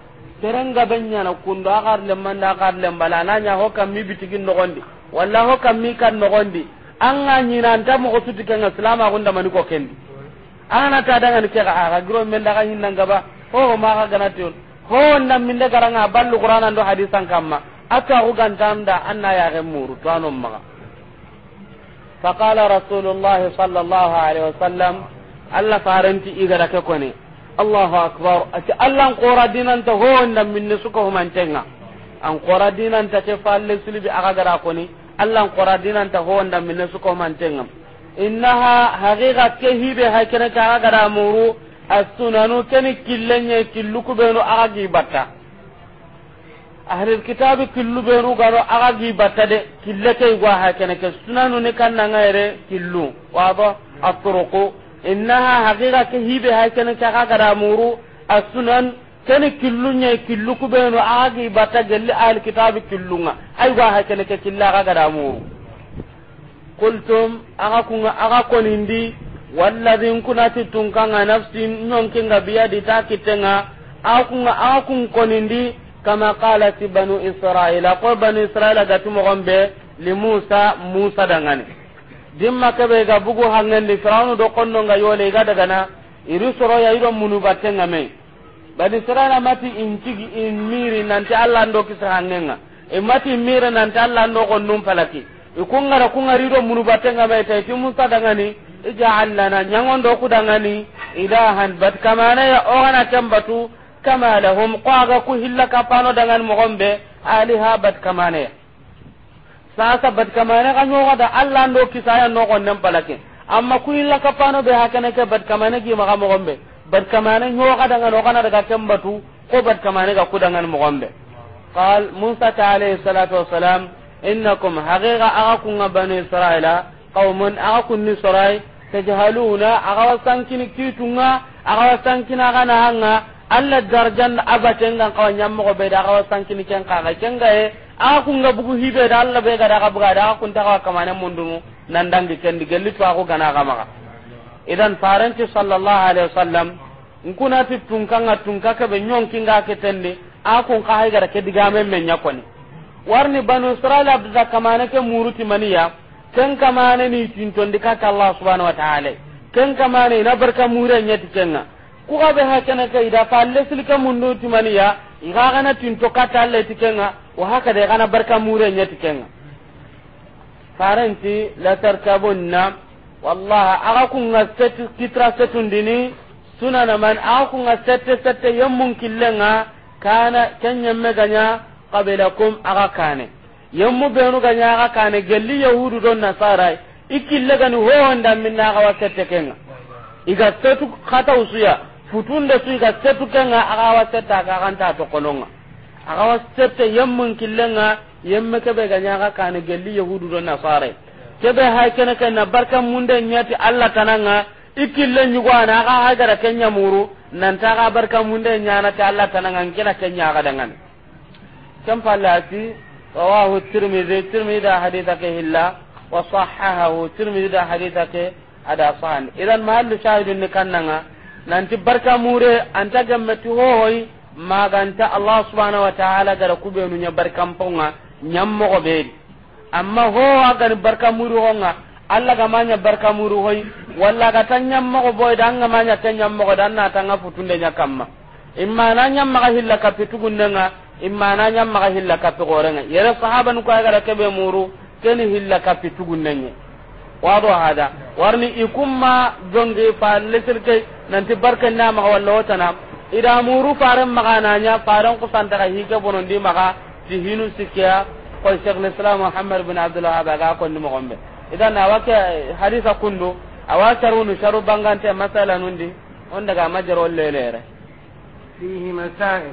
terenga benya na kundo agar lemanda agar lembala nanya kam mi bitigin no gondi wala ho kammi kan gondi an ga ñinanta mogo suti kenga silamaxunda mani ko kendi ana ta ni ke xaxa gro men daxa hinnangaba hoho gana ganatiyon ho lu garanga ballu ndo hadisan kamma a toaxu da an na yaxen muru to anon maxa fa qala rasulullah sallallahu alaihi wasallam allah iga igada ke ne. allahu akbar ati allah n qora ta ho ndamminne suka humantenga an qora fa ke falle silibi axa ko koni Allah qora dinan ta honda minne su ko man mantenga innaha haqiqa ke hibe ha kene ka ga da muru as-sunanu kani killenye killuku beno agi batta ahli kitabi killu benu garo agi batta de killake gwa ha kene ke sunanu ne kan nan ere killu wa ba at-turuqu innaha haqiqa ke hibe ha kene ka ga da muru as-sunan kene killunya killu kubenu agi bata gelli al kitabi killunga ay wa ha kene ke killa ga gadamu qultum aga kunga aga konindi walladhin kunati tunkanga nafsi nonkinga biyadi takitenga aga kunga aga kun konindi kama qalat banu israila ko banu israila gatu mogombe li musa musa dangane dimma kebe ga bugu hangen di firawnu do konno nga yole ga daga na iri soro ya iro munu batenga me badi serana mati in incigi in miiri nanti allah ndo kisa hangenga e mati miri nanti allah ndo ko num palaki e kungara kungari do munu batenga mai tay e ti musa dangani ija'al e lana nyangondo ku dangani ilahan bat kamana ya ogana tambatu kama lahum qaga ku hilla kapano dangan mogombe aliha bat kamana ya sasa bat kamana kan yoga da allah ndo kisaya no ko nem palaki amma ku hilla kapano be hakana ke bat kamana gi maga mogombe bad kamane ngano kana daga kembatu ko bad kamane ga kudangani moxonɓe qal musa ta alayhi salatu wassalam innakum haqiqa aga kunga banu israila qaumun aga ni sarai tajhaluna agawa sankini kitunga agawa sankina ganahanga alla darjan kawanya mo go ɓe da agawa sankini ken kenga e aga ga bugu hibe da be ga gada aga bugada aga kunta kawa kamane nan dangi kendi gelli tuwaxu gana xa maxa idan farenti sallallahu alaihi wasallam nkuna ti tunka nga tunka ke be nyon kinga ke tende a kun ka hay gara ke diga men men yakoni warni banu israila abza kamane ke muruti maniya ken kamane ni tinton dika kaka allah subhanahu wa ta'ala ken kamane na barka mure nyati kenga ku ga be ha kana ke ida palle silka mundu ti maniya iga kana tinto ka le ti kenga wa haka de kana barka mure nyati kenga farenti la tarkabunna wallahi aga kunga seti kitra settundini sunana man aga kunga sette sette yemmun killenga kana kenyemme ganya qabilakum aga kane yemmu benu ganya aga kane gelli yahudu don nasara ikille gani howonda minna aga wa sette kenga iga setu kata suya futunde su iga setu kenga aga wa sette aga kanta tokononga aga wa sette yemmun killenga yemme kebe ganya aga kane gelli yahudu don nasara kebe hay kene kenna barkan munde nyati allah tananga ikille nyugwana aga hagara kenya muru nanta aga barkan munde nyana ta allah tananga kina kenya aga dangan kam palati rawahu tirmidhi tirmidhi da haditha ke hilla wa sahahahu tirmidhi da haditha ke ada sahan idan mahallu shahidun ni kannanga nanti barka mure anta gammeti hohoy maganta allah subhanahu wa ta'ala gara kubenu nya barkan ponga nyammo ko beedi amma ho ni barka muru honga alla ga manya barka muru hoy walla ga ma mo boy dan ga manya ma mo dan na tanga futunde nya kamma imma na nyam ma hilla ka pitugunnga imma na nya ma hilla ka gorenga yere sahaban ko ka ke be muru ken hilla ka nanya wado hada warni ikumma jonge fa lesirke nanti barka na ma walla wotana ida muru faran magananya nya faran kusanta ka hike bonondi maka ti hinu sikiya kon Sheikh ne islam Muhammad bin abdullah ba ga ko ni mogombe idan wake hadisa kundu awatarunu sharu bangante masala nundi on daga majaro lelere fihi masail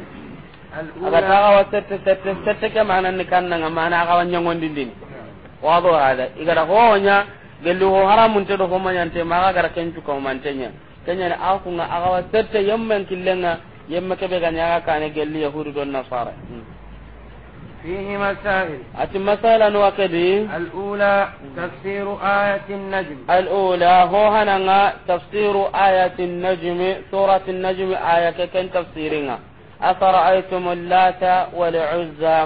aga taga wa sette sette sette ke mana ni kan kannanga mana ga wanya din wado hada igara wanya gelu ho haramun te do ho ma ga gara kencu ko mantenya kenya na aku nga aga wa sette yemmen killenga yemma nya ga kane gelu yahudu don nasara hmm. فيه مسائل أتي مسألة وكدي الأولى تفسير آية النجم الأولى هو هنا تفسير آية النجم سورة النجم آية كن تفسيرنا أفرأيتم اللات والعزى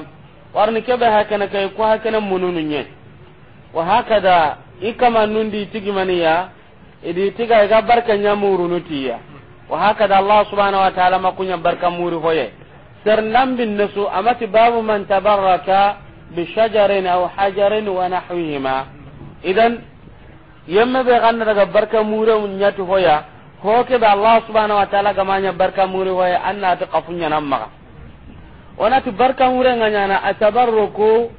warni kebe hakana kai ko hakana mununu nye wa hakada ikama nundi tigimaniya idi tiga ga barka nyamuru nutiya wa hakada allah subhanahu wa ta'ala makunya barka muri hoye سرنم بالنسو أمت باب من تبرك بشجر أو حجر ونحوهما إذن yemme be ganna daga barka mure nyati hoya hoke da allah subhanahu wa ta'ala ga manya barka mure hoya anna ta kafunya nan barka mure nganya na atabarruku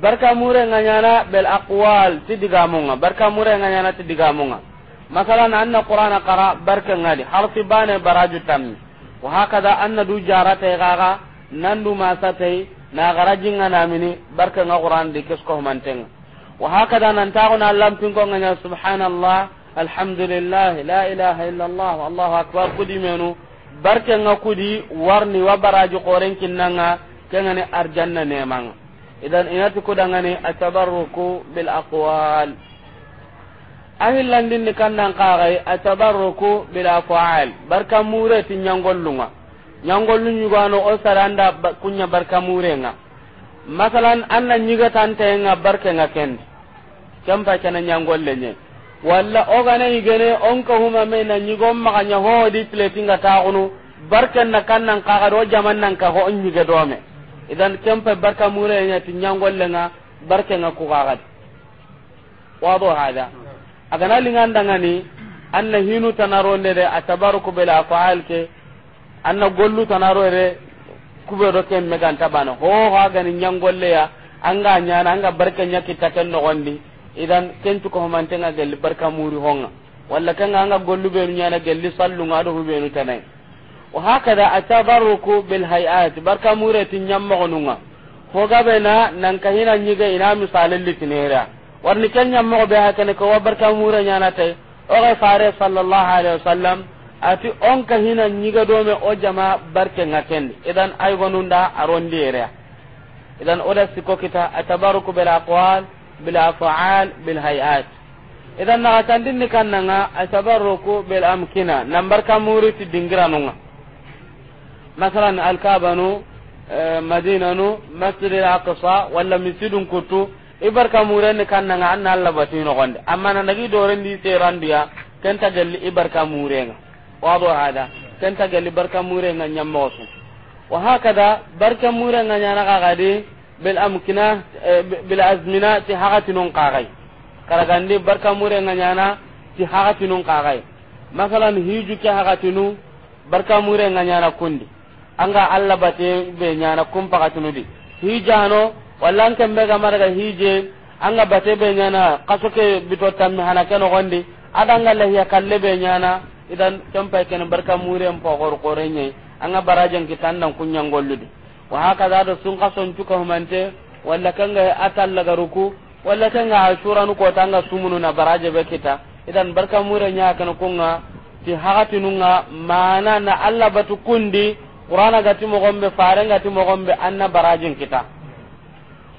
barka mure nganya na bel aqwal tidiga munga barka mure nganya na tidiga munga masalan anna qur'ana qara barka ngadi harfi bani baraju tammi wa hakada anna du jarata gaga nandu masatai na garajin anamini barka nga qur'an de kesko mantenga wa hakada nan tawo na lampin ko nganya subhanallah alhamdulillah la ilaha illallah wallahu akbar kudi menu barka nga kudi warni wa baraji qoren kinnanga kengane arjanna nemanga idan inati kudangani atabarruku bil aqwal ahillandinni kannan kaxay atabarruku bilafaal barka mure ti ñangollunga ñangollu ñugano o saranda kunya barka barka nga masalan anna nga barka kendi ken pacana ñangolle ñe walla gane yigene ka huma me na ñigon maxa ña hoodi piletinga taxunu barken na kannan do jaman nanka ho on ñige me idan kempe barka mure mureña ti barka nga ku wado hada mm hada. agana lingandangani anna hinu tanaro de atabaruku bil afal ke anna gollu tanarore kube do ken me ganta bana ho ho gani nyangolle ya anga nyana anga barke nyaki taken no gondi idan ken tu ko man tenga gelli barka muri honga walla kan anga gollu be nyana gelli sallu ngado hubenu no tanai wa hakada atabaruku bil hayat barka muri tin nyammo gonunga ho gabe na nan kahina nyiga ina misalin litinera warni kenya mo be ha kene ko wa barka mura nyana te o ga fare sallallahu alaihi wasallam ati on ka hina nyiga do me o jama barke ngaken idan ay gonunda arondi idan oda siko kita atabaruku bil aqwal bil afaal bil hayat idan na tandin ni kannanga atabaruku bil amkina barka kamuri ti dingiranunga masalan al eh, madinanu masjid al aqsa wala misidun kutu ibarka murenni kannanga anna allah batui nogonde amma nanagi dorendi ya kenta gelli ibarka murenga wado hada kenta gelli barka murenga ñammogosu wa hakada barka murenga ñanakakadi bil amkina e, bil azmina ti hakatinun kakay karagandi barka murenga nyana ti hakatinun kakay masalan hiju ke hakatinu barka murenga nyana kundi anga allah bate be ñana kumpakatinudi hijano wallan kembe ga marga hije anga bate be nyana kaso ke bito tammi hana ke no gondi adanga lahiya kalle be nyana idan tampa ken barka mure en pogor korenye anga barajan kitandan kunyan golludi wa haka da sun kason tuka humante walla kanga la garuku walla kanga ashura nu ko tanga sumunu na baraje be kita idan barka mure nya kan kunga ti hakati nunga mana na alla batu kundi qur'ana gati mo gombe faranga ti mo gombe anna barajin kita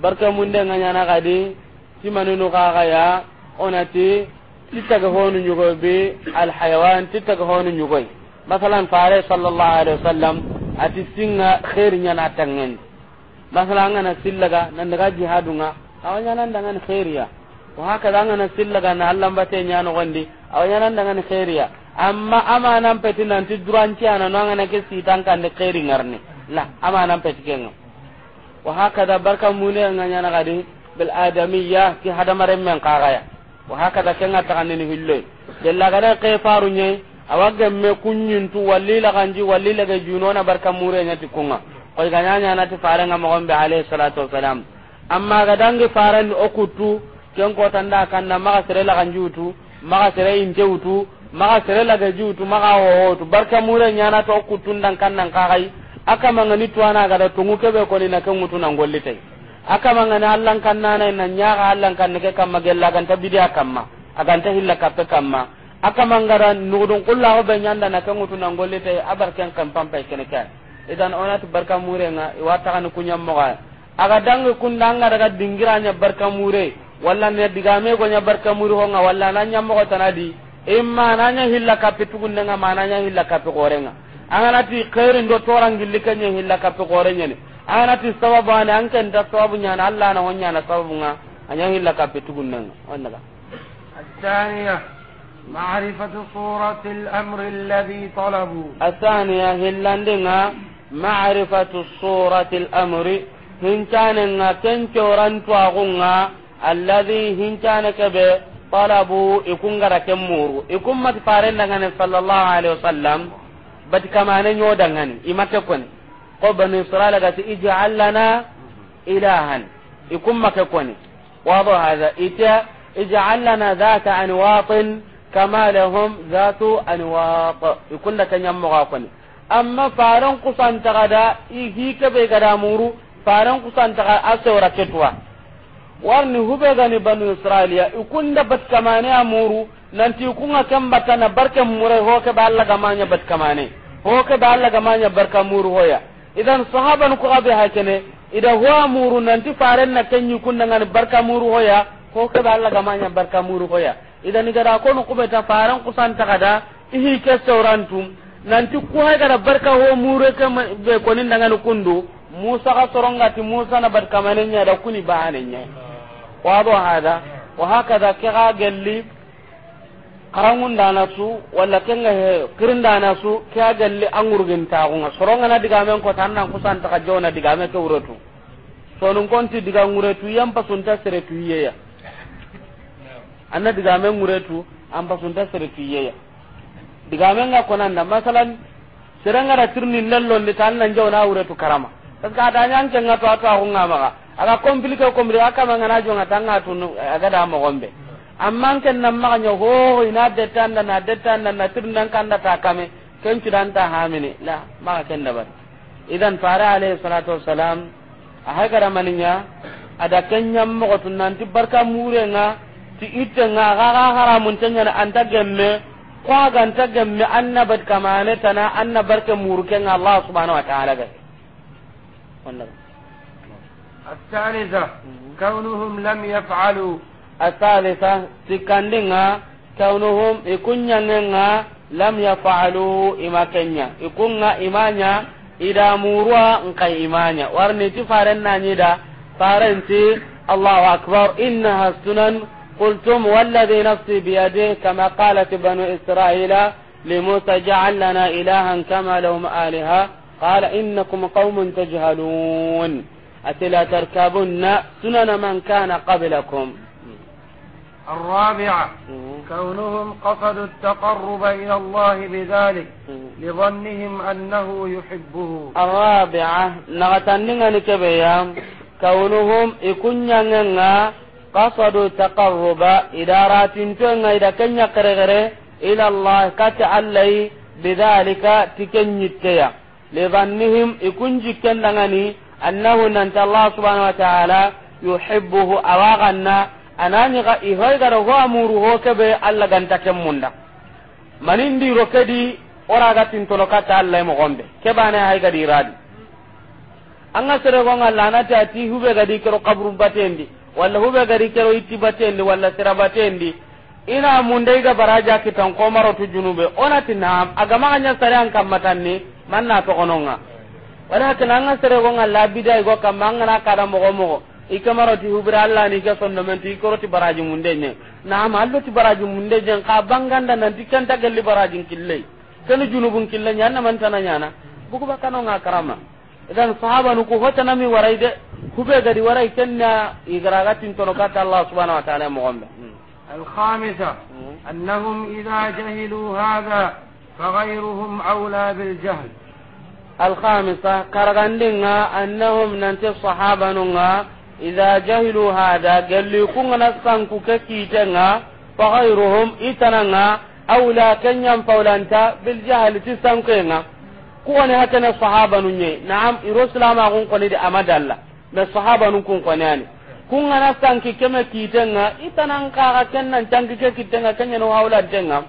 barka munde nga nyana kadi timaninu kaka ya onati tittaga honu ñugoy be alhayawan tittaga honu ñugoy masalan fare sallallahu alaihi wasallam ati singa khair nyana tangen masalan ngana sillaga nan daga jihadunga awanya nan dangan khairiya wa haka dangan sillaga na Allah bate nyano gondi awanya nan dangan khairiya amma amanan peti nan ti duranci ana nan ngana ke sitan kan de khairi ngarne la amanan peti kenga wa hakada barka mune nganya na gadi bil adamiyya ki hadamaren men qagaya wa hakada kenga tagani ni hillo jalla gada kay faru nye awagge me kunyintu wallila kanji wallila ga junona barka mure nya tikunga ko ganya nya na ti fara nga mo gombe alayhi salatu wassalam amma ga dangi faran okutu ken ko tanda kanna maga sere la kanji utu maga sere inte utu maga sere la ga ji utu maga ho barka mure nya na to okutun dan kannan kagai akamangani twana gada tungu kebe koni na kan mutu nan gollitay akamangani allan kannana na nyaga allan kan ke kamma gella ganta bidia kamma aganta hilla kappe kamma akamangara nudun kullahu be nyanda na kan mutu nan abar ken kan pampa kene kan idan onati barka murenga wata kan kunyam moga aga dangu kundanga daga dingiranya barka mure walla ne digame gonya barka mure honga walla nanya mogo tanadi imma nanya hilla kappe tugundenga mananya hilla kappe korenga anganati kairin do toran gilli kanye hilla kapi kore nyene anganati sababu ane anken da sababu nyana alla na wanya na sababu nga anya hilla kapi tugun nanga wanda ka asaniya ma'arifatu surati al-amri alladhi talabu asaniya hillande nga ma'arifatu surati al-amri hincane nga kencho rantu agunga alladhi hincane kebe talabu ikungara kemuru ikumma tifarenda ngane sallallahu alaihi wasallam bati kamane nyodangani imate koni ko banu israila gati ij'al lana ilahan ikumma ke koni wado hada ita ij'al lana dhata anwatin kama lahum dhatu ikun da kanyam mo koni amma faran kusan gada ihi ke be gada muru faran kusan ga asawra ketwa warni hube gani banu ikun da bat kamane amuru nanti ikunga kan batana barkan mure ho ke ba Allah gamanya bat kamane ho ke da Allah gamanya barka muru hoya idan sahaban ko abe hakene ida huwa muru nanti faren na kenyu kundangan barka muru hoya ho ke da Allah gamanya barka muru hoya idan igara ko no kubeta faran kusan takada ihi ke saurantum nanti ku hay gara barka ho muru ke be konin dangan kundu Musa sorongati Musa na barka manenya da kuni bahanenya wado hada wa hakada ke ga gelli karangun na su wala kenga he kirin na su kya galli ta tagunga soronga na diga men ko tannan kusan ta jona diga men ke uretu so nun konti diga nguretu yampa sunta sere yeya anna diga men nguretu ampa sunta sere yeya diga men ga da masalan seranga da tirni lello ni tannan jona uretu karama ka da nyan kenga to a agunga maga aga komplike komri aka mangana jonga tanga tunu aga da mo gombe amman ken nan ma nyo ho ina detan na detan na nan kan da ta kame ken cidan ta hamini la ma ken da ba idan fara alayhi salatu wassalam a da maninya ada ken nyam mo to nan ti barka mure nga ti ite nga ga ga haramun tanya na anta gemme ko ga anta gemme annabat kamane tana annabarka murke nga allah subhanahu wa ta'ala ga wannan الثالثة كونهم لم يفعلوا asalisa sikandi nga kaunuhum ikunya nga lam yafalu imakenya ikunga imanya ida murwa ngkai imanya warni ti faren nanyi da faren ti Allahu Akbar inna hasunan qultum walladhi nafsi biyadi kama kalafi bani israila li musa ja'al lana ilahan kama lahum alaha qala innakum qaumun tajhalun atila na sunana man kana qablakum الرابعة كونهم قصدوا التقرب إلى الله بذلك لظنهم أنه يحبه الرابعة نغتنين كبيا كونهم يكون قصدوا التقرب إذا تنغى إذا كن يقرغر إلى الله كتعلي بذلك تكن يتيا لظنهم يكون جكن أنه ننت الله سبحانه وتعالى يحبه أواغنا anani ga ihoy gara ho amuru ho kebe alla ganta kemmunda manindi rokedi ora ga ka ta alla mo gonde bana hay ga radi anga sere go ngalla na ta ti hube ga dikero qabru batendi walla hube ga dikero itti batendi walla sira batendi ina munde ga baraja tan ko maro tu junube ona tinam aga ma nya sare an kamatanni man na to ononga walakin anga sere go ngalla bidai go kamanga na kada mo go mo ikamaroti hubri allah ni ke sondomenti ikoroti baraji mundenye allo ti baraji mundenye ka banganda nanti kenta gelli barajin kille keni junubun kille ñanna mantana ñana buguba kanonga karama idan sahaba nuku hotanami waray de hube gadi waray kenna igaragatintono katta allah subhanau wa taala mogonɓe الخامسة أنهم إذا جهلوا هذا فغيرهم أولى بالجهل الخامسة كرغندنا أنهم ننتي الصحابة نغا iza jahilu hada galli kungana sanku ke kitenga fa ghayruhum itananga awla kanyam faulanta bil jahl tisankenga hata na. sahaba nunye na'am iroslama kun koni de amadalla be sahaba nun kun koni ani kungana sanki keme kitenga itanan kaga kennan tanki ke kitenga kanyano hawla denga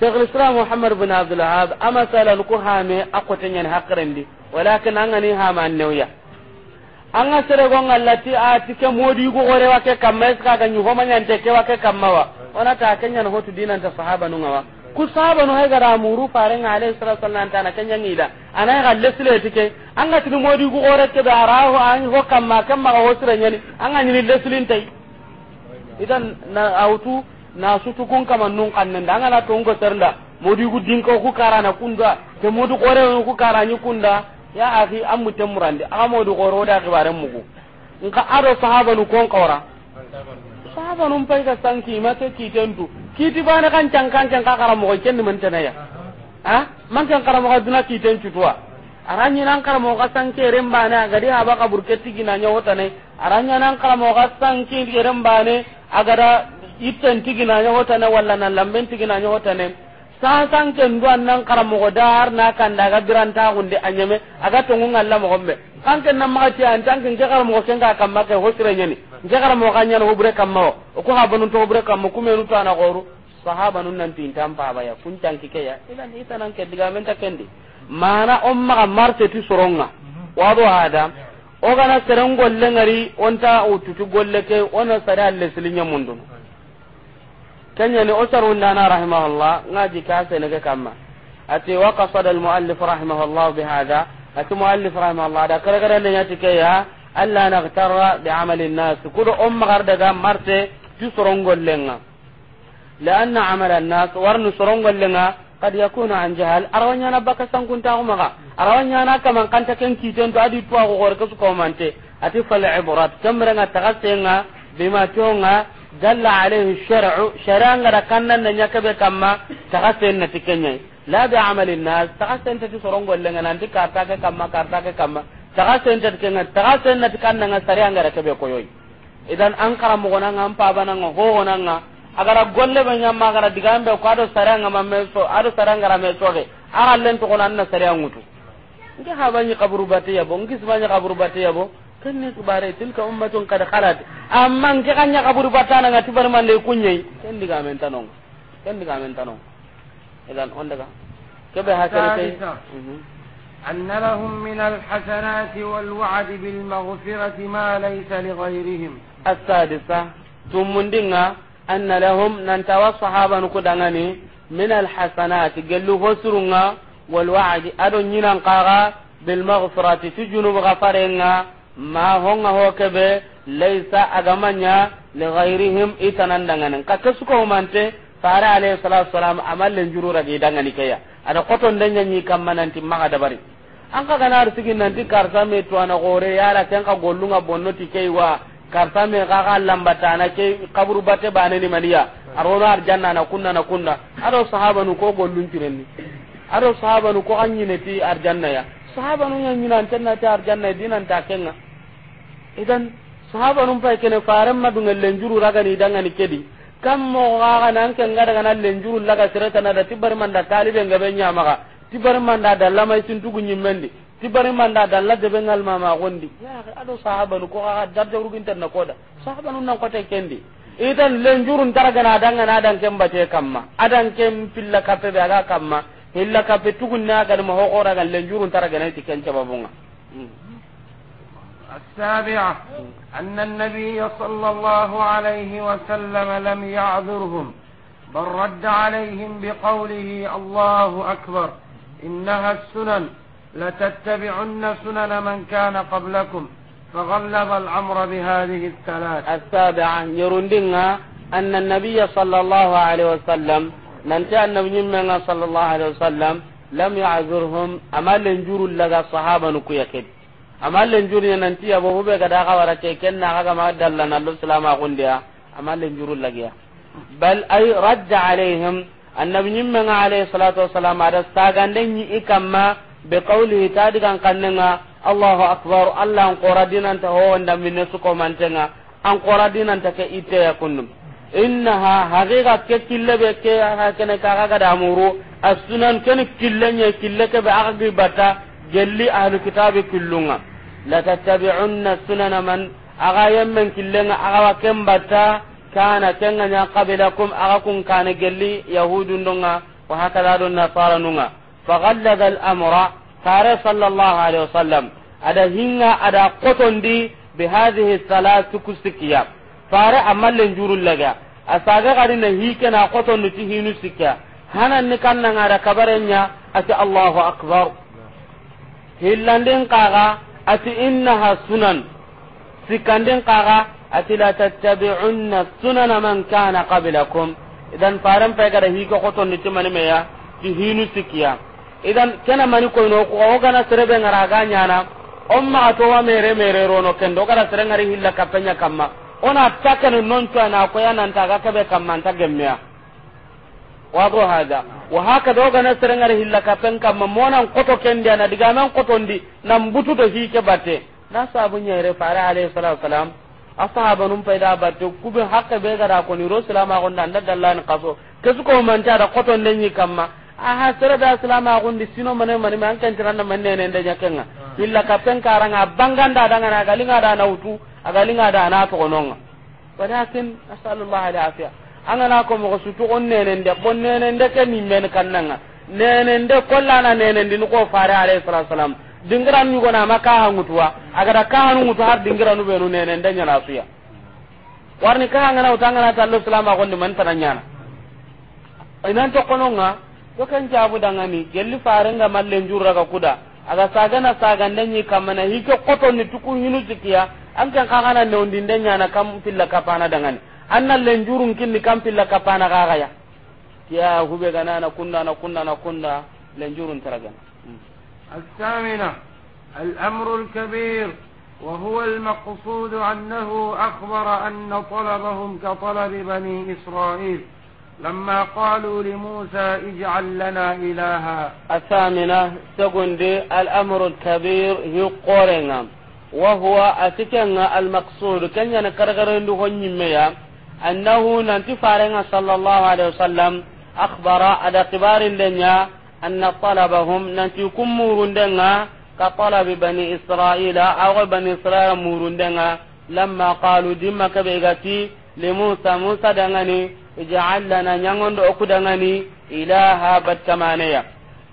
شيخ الاسلام محمد بن عبد الوهاب اما ku hame هامي اكو تنين حقرندي ولكن hama هاما النويه anga sere go ngallati a tike modi go gore wa ke kamma es ka ga nyu homa nte ke wa ke kamma wa ona ta kenya no hotu dinan ta sahaba nu ngawa ku sahaba no hay gara muru pare nga alayhi salatu wasallam ta na kenya ngida ana ga lesle tike anga tike modi go gore ke baraho an ho kamma kamma ho sire nyani anga nyini leslin tai idan na autu na sutu kun kama nun kannan da anga na tongo tarnda modi go dinko ku karana kunda te modi gore ku karani kunda ya akhi an murande murandi amodu goro da gibaren mugu nka ado sahaba nu kon qawra sahaba nu pai ka sanki ma ke kitendu kiti bana kan cang kan cang kakara ko kenni man ya ha man kan karamo ka duna kiten tuwa aranya nan karamo ka sanke rembana gadi haba ka burketti wata ne aranya nan karamo ka sanke rembane agada itten tiginanya wotane walla nan lamben wata ne sasan ken duan annan karamogo dar na kan daga biranta hunde anyame aga tongu ngalla mo gombe kan ken nan maka tiyan tan ken jagar mo ken ga kamma ke hosire nyani jagar mo ga nyano bure kam mo ko ha banun to bure kamma kuma nu na goru sahaba nun nan tin tan ba ya kun tan kike ya idan ita nan ke diga men ta kendi mana umma maka marte ti soronga wado ada o gana serengol lengari onta tutu golle ke ona sare alle silinya mundu kanya ni osarunda na rahimahullah ngaji kase senege kama ati wa qasada al muallif rahimahullah bi ati muallif rahimahullah da kare kare ne yati ke alla naghtara bi amali an-nas umma garda ga marte ti sorongollenga لأن عمل الناس ورن سرونغ لنا قد يكون عن جهل أروانيا نبكا سانكون تاغمغا ken adi tuwa ko gore ko ati ibrat kamranga tagasenga bima tonga dalla عليه الشرع shar'an gara kannan nanya kabe kamma takasen na tikenya la bi amalin nas takasen ta sorongo كارتاك كما karta ke kamma karta ke kamma takasen ta tikenya takasen na nga kabe idan an kara mo gona an pa ngo ho gona nga agara golle be nyamma agara digambe ko ado sarian ngam me so ado sarian gara me so de len to gona na sarian ngutu kaburu batiya bo kaburu batiya kenni kibare tilka ummatun kad khalat amma nke kanya kaburu batana ngati barmande kunye ken diga men tanong ken diga men tanong idan on daga kebe hasarate أن لهم من الحسنات والوعد بالمغفرة ما ليس لغيرهم السادسة ثم أن لهم ننتوى الصحابة نكدغني من الحسنات قالوا فسرنا والوعد أدو نينا قاغا بالمغفرة تجنب غفرنا ma honga ho kebe laysa agamanya li ghairihim itanan danganan ka kasuko mante fara alayhi salatu wassalam amalle juru ragi dangani kaya ada koton danya ni kammananti maga dabari an ka gana sigin nanti karsa me to ana gore yara ken ka gollunga bonno ti kay wa karsa me ka ga lambata na ke kaburu bate bane ni maniya arona janna na kunna na kunna ado sahaba nu ko gollun renni ado sahaba nu ko anyi ne ti janna ya sahaba nu nyanyi nan ti ta janna dinan ta idan sahaba num fay kene faran ma dungal lenjuru raga ni danga ni kedi kam mo gaga nan ken ngada kana lenjuru laga sirata na da tibar manda talibe ngabe nyama ga tibar manda da lama isin tugu mendi tibar manda da la de bengal mama gondi ya ado sahaba nu ko ga darja urugin tan na koda sahaba nun nan kote kendi idan lenjurun taragana danga na dan ken kam kamma adan ken pilla kape be aga kamma illa kape tugun na ga mo ho gan ga lenjurun taragana ti ken cababunga mm. السابعة أن النبي صلى الله عليه وسلم لم يعذرهم بل رد عليهم بقوله الله أكبر إنها السنن لتتبعن سنن من كان قبلكم فغلب الأمر بهذه الثلاث السابعة يرندنا أن النبي صلى الله عليه وسلم ننتهى النبي صلى الله عليه وسلم لم يعذرهم أما لنجور لغا صحابة نكو يكد amallen juri nan tiya bo be ga da ka wara ke ken na ga ma dalla na lu salama gundiya amallen juru lagiya bal ay radda alaihim annabi nim ma alayhi salatu wassalam ada sta gande ni ikamma be qawli ta digan kannga allahu akbar allah an qoradina ta ho wanda minne su ko mantenga an qoradina ta ke ite ya kunnum innaha haqiqa ke kille be ke ha kene ka ga da muru as-sunan ken kille nye kille ke be agi bata jelli ahlu kitabi kullunga la tattabi'unna sunana man aga yemmen killenga aga wa kembata kana kenga nya qabilakum aga kun kana gelli yahudu ndonga wa hakala don nasara nunga faghalladha al-amra kare sallallahu alaihi wasallam ada hinga ada kotondi bi hadhihi salatu kusikiya fare amallen jurul laga asaga gari na hike na kotondi ti hinu sikya hanan ni kannan ara kabarenya ati allahu akbar hillanden kaga ati innaha sunan sikanden kaga ati la tattabi'unna sunana man kana qablakum idan faran pe gara hi ko to nitu mani ya ti hinu sikiya idan kana mani ko no ko gana serebe ngara ga nyana umma to wa mere mere rono kendo gara ngari hilla kapenya kamma ona takana non to na ko yana ntaga ka kabe kamma ta wado hada wa haka doga na serengare hilla kapen mo monan koto kendi na diga koto ndi nan butu to ke batte na sabu re fara alayhi salatu wasalam asahaba num payda batte kube hakka be gara ko ni rasulama ko nan da dallan qaso su ko man ta da koto den yi kamma ha sere da salama ko sino mane mane man kan tiranna manne ne da nyakenga hilla kapen karanga banganda da ngana galinga da na utu agalinga da na to nonga walakin asallallahu alaihi angana ko mo sutu on nenen de bon nenen de ken men kannanga nenen de kollana nenen din ko faare alayhi salatu wasalam dingiran ni gona maka aga da ka hangutu har dingiran be no nenen de nyana suya warni ka ngana utangana ta Allah salama ko ndi man tananya inan to kononga ko kan jabu dangani gelli faare nga malle jurra ka kuda aga saga sagande ni kamana hike koto ni tukun yinu zikiya an kan kangana ne undinde nyana kam pilla kapana dangani anna lenjurun kinni kampilla kapana gagaya tiya hube gana na kunna na kunna na kunna lenjurun taragana الثامنة الأمر الكبير وهو المقصود أنه أخبر أن طلبهم كطلب بني إسرائيل لما قالوا لموسى اجعل لنا إلها الثامنة سقندي الأمر الكبير يقرن وهو أتكن المقصود كان ينكرغرين لهم annahu nanti farenga sallallahu alaihi wasallam akhbara ada kibarin denya anna talabahum nanti kumurun denga ka talabi bani israila aw bani israila murun denga lamma qalu dimma kabe gati li musa musa dangani ij'al lana nyangondo okudangani ilaha batkamaneya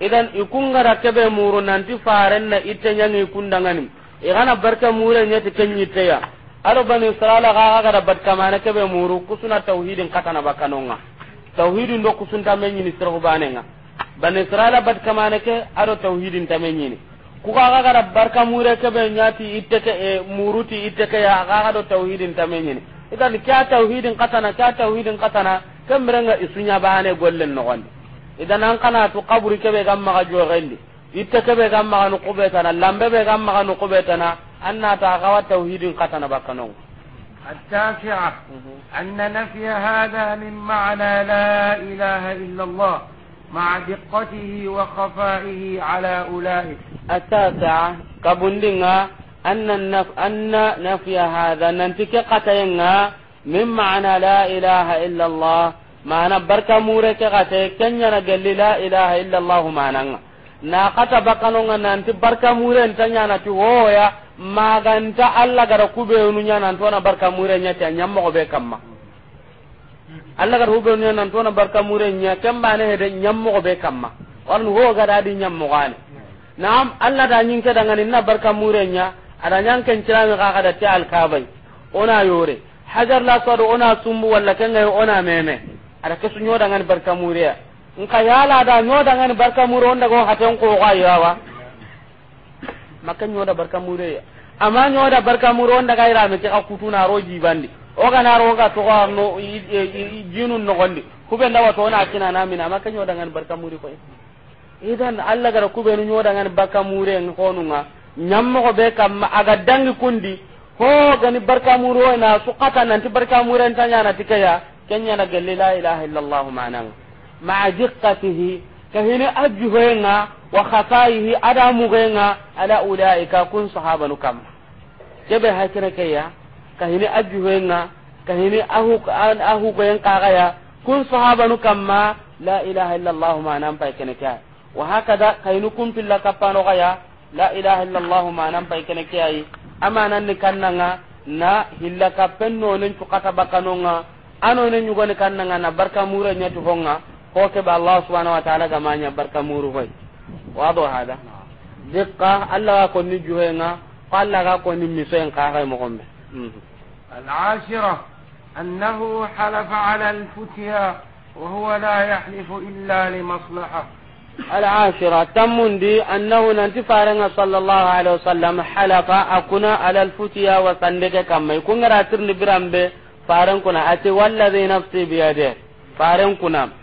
idan ikungara kebe murun ita farenna ite nyangi kundangani igana barka mure nyati kenyiteya ado bani israila ga ga da bad kamana ke be muru kusuna tauhidin katana bakanonga tauhidin do kusun ta ni yini sirhu banenga bani israila bad kamana ke ado tauhidin ta men yini ku ga ga da barka mure ke be nyati itteke e muruti itteke ya ga ga do tauhidin ta ni yini ni kya tauhidin katana kya tauhidin katana kemrenga isunya bane gollen no idan an kana kaburi qabri ke be gamma ga jogendi itte kebe gam maganu kubetana lambe be gam maganu kubetana anna ta gawa tauhidin katana bakkanon التاسعة أن نفي هذا من معنى لا إله إلا الله مع دقته وخفائه على أولئك التاسعة كبندنا أن النف أن نفي هذا ننتك قتينا من معنى لا إله إلا الله معنى بركة مورك قتي كن لا إله إلا الله معنى na kata bakano nga nanti barka mure ntanya na ti hoya maganta alla gara kube nu nya nan tona barka mure nya ti nyammo ko be kamma alla gara kube nu na tona barka mure nya kemba ne de nyammo ko be kamma warnu ho gara di nyammo gane naam alla da nyinke daga ni na barka mure nya ada nyan ken tirami ka kada ti al kabai ona yore hajar la sadu ona sumbu walla kenga ona meme ada kesunyo daga ni barka mure nka yala da da ngani barka muro onda go haten ko ga yawa maka da barka muro ya amma da barka muro onda ga ira ke akutu na roji bandi o ga na ro ga to ga no jinun no gondi kube ndawa to na kina na mina maka da ngani barka muro ko idan alla gara kube no da ngani barka muro en nunga nyammo ko be kam aga dangi kundi ho gani barka muro na suqata nanti barka muro en tanya na tikaya kenya na galila ilaha illallah ma'anan ma'a jiqqatihi kahini ajuhenga wa khatayihi ada mugenga ala ulaika kun sahabanu kam kebe hakira kaya kahini ajuhenga kahini ahu ahu koyen kagaya kun sahabanu kamma la ilaha illa allah ma nan kene kaya wa hakada kahini kun pilla kapano kaya la ilaha illa allah ma nan kene kaya amanan ni na hilla kapenno nen cukata ano nen nyugoni kannanga na barka mure nyatu honga hoke ba Allah subhanahu wa ta'ala ga manya barka muru bai wa do hada Allah ko ni juhe nga qalla ga ko ni misen annahu halafa ala al futiha wa huwa la yahlifu illa li annahu nanti faranga sallallahu alaihi wasallam halafa akuna ala al futiha wa sandeka kamai kungara tirni birambe faran kuna ati walladhi nafsi biyadihi faran kuna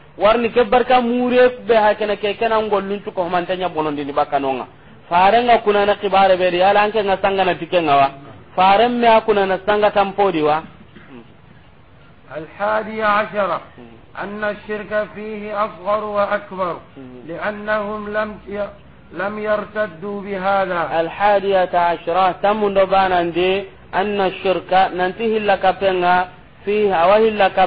warni ke barka mure be ha kana ke kana ngollun tu ko man tanya bonon dini bakanonga farenga kuna na kibare be yala anke nga sanga na nga wa faren me akuna na sanga tampodi wa الحادي عشرة أن الشرك فيه أصغر وأكبر لأنهم لم لم يرتدوا بهذا الحادية عشرة تم نبانا دي أن الشرك ننتهي لك فيه أوهي لك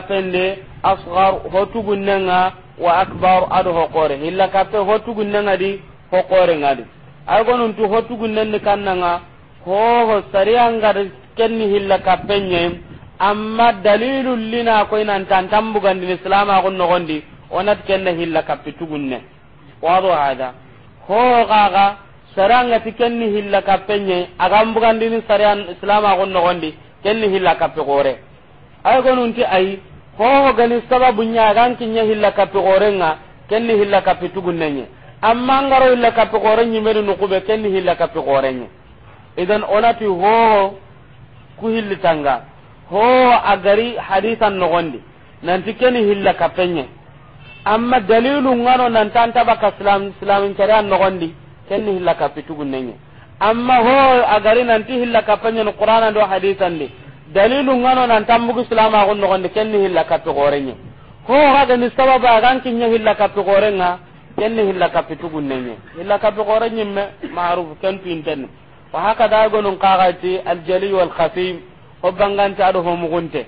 asghar hotugunnenga wa akbar ado hokore illa kape hotugunnenga di hokore ngadi argonuntu hotugunnenni kannanga hoho sariyangada kenni hilla kappenye amma dalilu lina koy nan tantambugandini silamagun nogondi onat kenna hilla kappi tugunne wado hada hogaga sarangati kenni hilla kappenye agambugandini sariyan silamagun nogondi kenni hilla kappe gore ay gonunti ay ho gani sababu nya gan kinya hilla kapi gorenga kenni hilla kapi tugunnenye amma ngaro hilla kapi gorenye meru nukube kenni hilla kapi gorenye idan onati ho ku hilli tanga ho agari hadisan nogondi nanti kenni hilla kapenye amma dalilu ngano nan tan tabaka islam islamin kare an nogondi kenni hilla kapi tugunnenye amma ho agari nanti hilla kapenye no qur'ana do hadisan di dalilu ngano nan tambugu silama ko no gonde kenni hilla katto gorenye ko ha ga ni sababa gan kinya hilla katto gorenga kenni hilla kapitu gunnenye hilla katto gorenye me ma'ruf kan pinten wa haka da go non qagati al jali wal khafim o bangan ta do homu gunte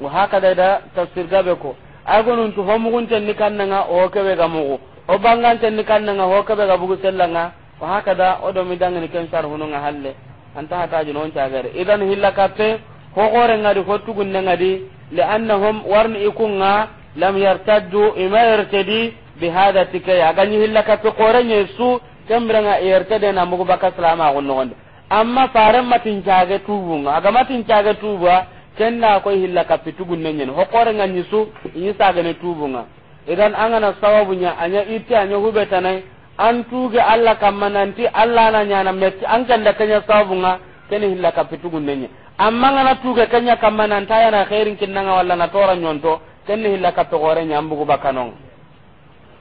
wa haka da da tafsir gabe ko ago non to homu gunte ni kannanga o kebe ga mugo o bangan ta ni kannanga ho kebe ga bugu sellanga wa haka da o do mi dangani ken sar hununga halle anta hataji non tagare idan hilla katte hokorenga di hottugunnenga di li annahum warni ikunga lam yartaddu ima yertedi bihada tikkey agañi hillakappe korenye su kemmirenga yertedena mugu bakka salamagu nogonde amma faren matincage tubunga aga matincage tuba kenna koy hillakappe tugunnenñene hokorenga ñi su iñi sagene tubunga idan angana sababuña aña itti aña huɓetanay an tuge allah kamma nanti allah na ñana metti an kenda keña sababunga keni hilla kapitugunnenye amma ngana tuge kenya kamma nantayana herin kinnanga walla na tora nyonto keni hilla kappe gore nyambugu bakanong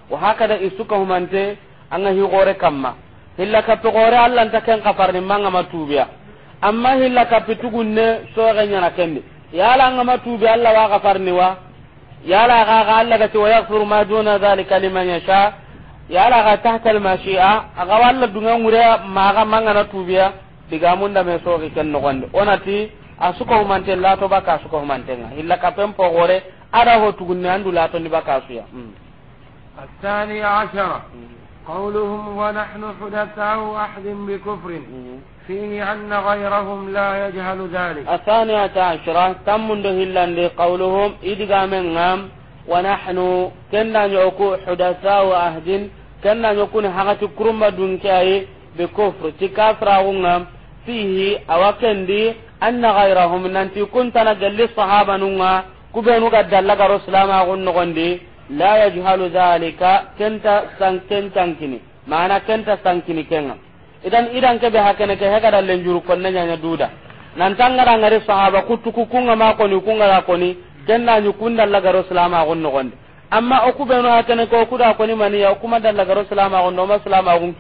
wa hakada isuka humante anga hi gore kamma hilla kappe gore allah nta ken kafarni manga matubiya amma hilla kapitugunne soge nyana kendi yala anga matubi allah wa kafarni wa yala ga ga allah gati wa yaghfiru ma duna dhalika liman yasha yala ga tahta al mashi'a aga walla dunga ngure maga manga na munda me soki ken nogonde onati asuka humante lato baka asuka humantenga illa ka pempo gore ada ho tugunne andu lato ni baka asuya الثاني عشر قولهم ونحن حدثاء أحد بكفر فيه أن غيرهم لا يجهل ذلك الثانية عشرة تم هلا لقولهم إذ منهم ونحن كنا نعكو حدثاء أحد كنا نكون حقت كرم دون بكفر تكافر fihi awakendi anna ghayrahum nanti kuntana galli sahaba nunga kubenu ga dallaga rasulama gun nogondi la yajhalu dhalika kenta sanken tankini kenta sankini kenga idan idan ke be hakene ke hega dalle juru konne nyanya duda nan tangara ngari sahaba kutuku kunga ma koni kunga ra koni kenna nyu kunda dallaga rasulama gun nogondi amma o kubenu hakene ko kuda koni mani ya kuma dallaga rasulama gun no ma salama gun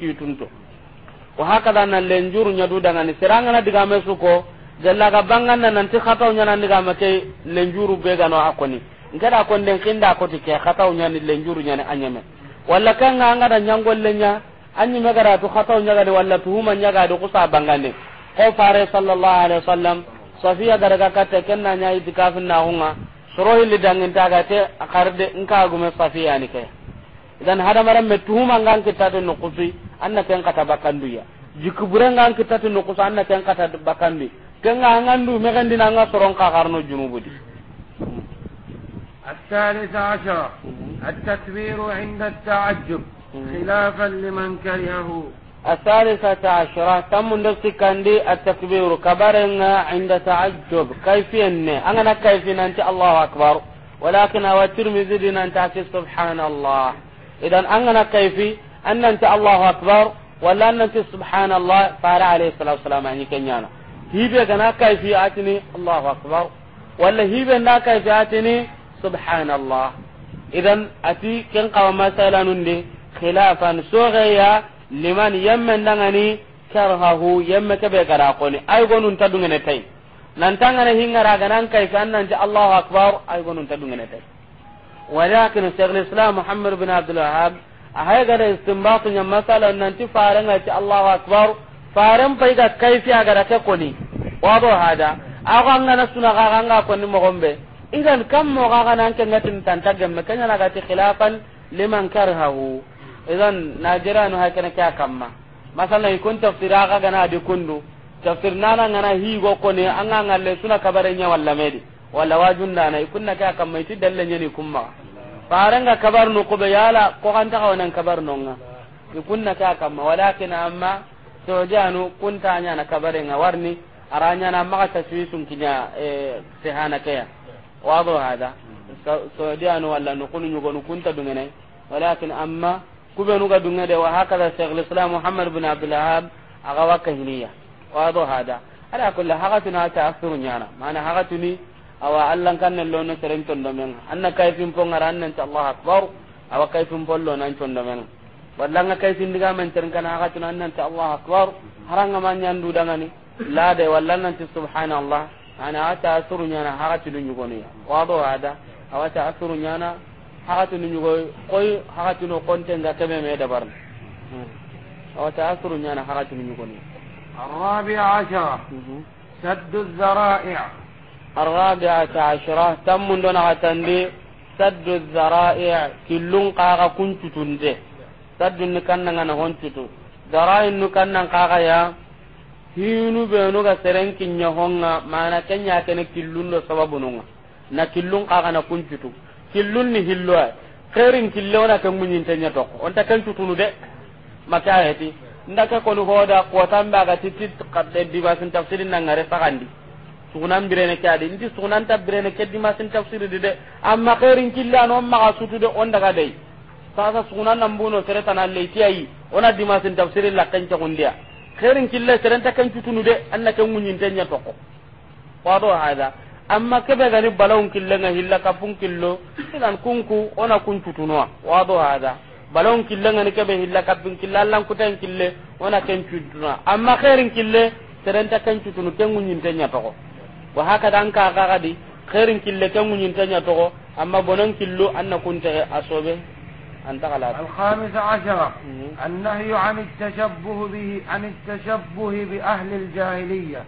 wa hakada nan lenjuru nyadu daga ni na diga mesuko galla ga bangana nan ti khataw nyana diga make lenjuru be gano akoni ngada kon den kinda ko ti ke khataw nyani lenjuru nyani anyame walla kanga angada nyangol lenya anyi megara to khataw nyaga de walla tuhuma nyaga de kusa bangane ko fare sallallahu alaihi wasallam safiya garaga katta kenna nyai dikafin na hunga soro hilli dangin taga te akarde nka gume safiya ni ke idan hadamaren me tuhuma ngan kitate nukusi anna ken kata bakanduya jikubure ngan kitate nukusi anna ken kata bakandi kenga ngandu megendina nga soron ka karno junubudi الثالث عشر التكبير عند التعجب خلافا لمن كرهه الثالثة عشرة تم دستكندي التكبير كبرنا عند تعجب كيفية أنا كيفية أنت الله أكبر ولكن أو الترمذي أنت سبحان الله idan an gana kaifi an nan ta Allahu akbar wala an nan ta subhanallah fara alayhi salatu wassalam an yikan yana hibe gana kaifi atini Allahu akbar wala hibe na kaifi atini subhanallah idan ati ken qawa masalanun de khilafan sogaya liman yamman dangani karhahu yamma kabe gara koni ay gonun ta dungene tay nan tangana hingara ganan kaifi an nan ta Allahu akbar ay gonun ta dungene tay walakin shaykh islam muhammad bin abdul wahhab ahay gada istinbatu nya masala nanti faran ati allahu akbar faran pai ga kaifi agara ta koni wado hada awa ngana suna ga ganga koni mo idan kam mo ke ngatin tantagam me kanya na gati khilafan liman karhahu idan najira no hakana kya kamma masala ikun tafsira ga gana de kundu tafsir nana ngana higo koni anga ngalle suna kabare nya walla medi wala da na ikunna ka kamma ti dalle nyani kumma faranga kabar no ko be yala ko kan ta wannan kabar no nga ikunna ka kamma walakin amma sojanu kunta nya na kabare nga warni aranya na maka sun kinya eh sehana kaya wado hada janu wala no kun nyugo no kunta dungene walakin amma kubenu ga de wa da shaykhul islam muhammad bin abdul wahab aga kahiniya wado hada ala kullu hakatuna ta'assuru nyana mana hakatuni awa allan kan nello no seren tondo men anna kayfin pongara ngaran nan allah akbar awa kayfin lono nan tondo men wallanga kayfin diga men teren kana aga tun nan ta allah akbar haranga man nyandu dangani la de wallan ti subhanallah ana ata asru nyana haga tun nyugoni wado ada awa ta asru nyana haga tun nyugo koy haga tun konte nga kebe me dabar awa ta asru nyana haga tun nyugoni الرابع عشر سد الذرائع الرابعة عشرة تم دون غتندي سد الذرائع كلون قاغا كنت تندي سد نكنا هونتو ذرائع نكنا قاغا يا hinu benu ga seren kinya honga mana kenya kene killun do sababu nunga na killun killun ni kan munyin tanya on ta kan tutunu de maka ndaka ko hoda ko tamba ga titit tafsirin ngare sagandi sunan birene ke adi inti sunan ta birene ke di masin tafsir di de amma khairin killa no maga asutu de on daga dai sasa sunan nan buno sere tan alle tiyi ona di masin tafsir la kan ta gondia khairin killa sere ta kan tutunu de anna kan munyin tanya toko wado hada amma be gani balawun killa nga hilla kapun killo idan kunku ona kun tutunwa wado hada nga kille ngani be hilla kabbin kille allan kutan kille ona ken cutuna amma khairin kille serenta ken cutunu ken ngunyin tenya toko wa hakada an ka ga gadi khairin kille kan munyin tanya to amma bonon killo na kunta asobe an ta kala الخامس عشر النهي عن التشبه به عن التشبه بأهل الجاهلية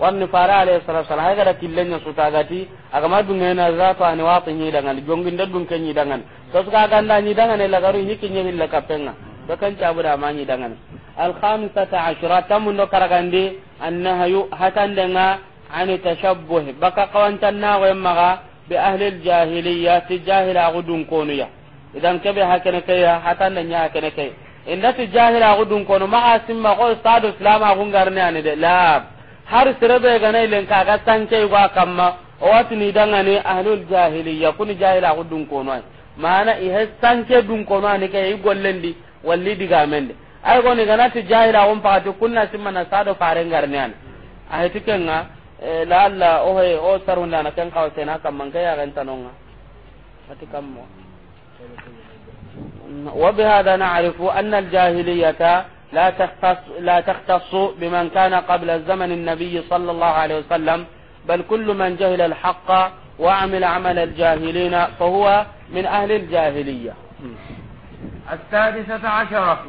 wanni fara alayhi salatu wasallam hay gara killenya sutagati agama dungena zato ani wati nyi dangan jongin da dungke nyi dangan to suka ganda nyi dangan ila garu nyi kinye hilla kapenga to kan cabu da ma nyi dangan al khamisata ashra tamundo karagande annahayu hatan denga عن تشبه بقى قوانت الناغ يمغا بأهل الجاهلية تجاهل أغدون كونيا إذا كبه هكذا حتى نيا هكذا inda ti jahila ko dun kono ma asimma ko sadu islam ko ngarne ani de la har sirabe ga nay len ka ga tanke wa kamma o wati ni danga ni ahlul jahiliya kun jahila ko dun kono ai mana i hes tanke dun kono ani ke i gollendi walli diga mende ay ko ni ganati jahila ko pati kunna simma na sadu fare ngarne ani ay tikenga laalla ohe o sarundana ken kawsena kamma nke yaxentanonga ati kammo وبهذا نعرف أن الجاهلية لا تختص, لا تختص بمن كان قبل زمن النبي صلى الله عليه وسلم بل كل من جهل الحق وعمل عمل الجاهلين فهو من أهل الجاهلية السادسة عشرة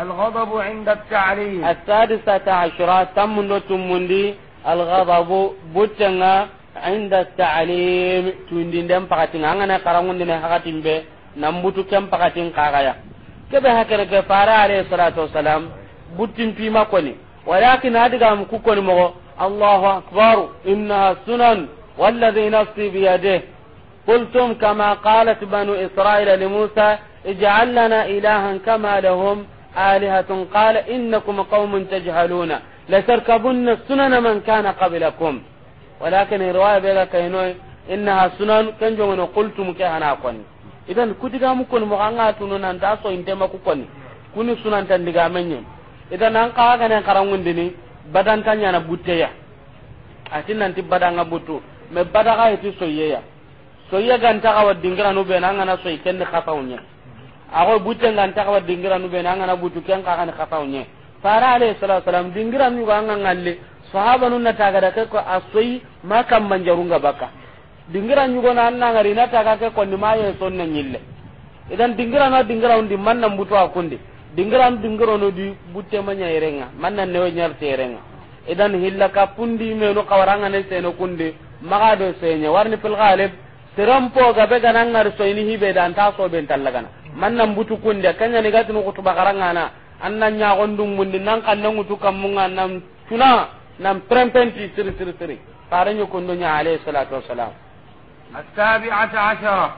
الغضب عند التعليم السادسة عشرة تم نتم لي الغضب بوتنا عند التعليم تندين دم فقطين أنا كرامون دين حقتين به نمبوتو كم فقطين كارايا كبه هكذا كفارة عليه الصلاة والسلام بوتين في ما كوني ولكن هذا قام كوكوني مغو الله أكبر إنها سنن والذي نفسي بيده قلتم كما قالت بنو إسرائيل لموسى اجعل لنا إلها كما لهم آلهة قال إنكم قوم تجهلون لتركبن سنن من كان قبلكم ولكن الرواية بلا كينوي إنها سنن كن جمعن قلتم كهنا قن إذن كتغا مكون مغانا تنون أنت أصو إنتما كوني كوني سنن تندقا مني إذن أنقا أغنى قرامون دني بدن تنيانا بوتيا أتين أنت بدن بوتو me badaga yeti soyeya soyya ganta kawa dingira nu be nanga كن خطاونيا kenne khafawnya ago butte ganta kawa dingira nu be nanga fara alayhi salatu wasalam dingira mi ga ngan ngalle sahaba nun nata ga ka ko asai makam manjarunga baka dingira nyugo na anna ngari nata ga ke ko nimaye sonna nyille idan dingira na dingira undi manna mbuto akunde dingira dingiro no di butte manya yerenga manna ne nyar terenga idan hilla ka pundi me no kawaranga ne seno kunde maga do senye warni fil ghalib tiram po ga be ganan ngar so ini hibe dan ta so ben tallagana manna mbutu kunde kanya ne gatinu kutuba karanga na anna ñagondum mundi nan kan mun nam tuna nam prempenti siri siri siri kondo nya alayhi salatu wassalam السابعة عشرة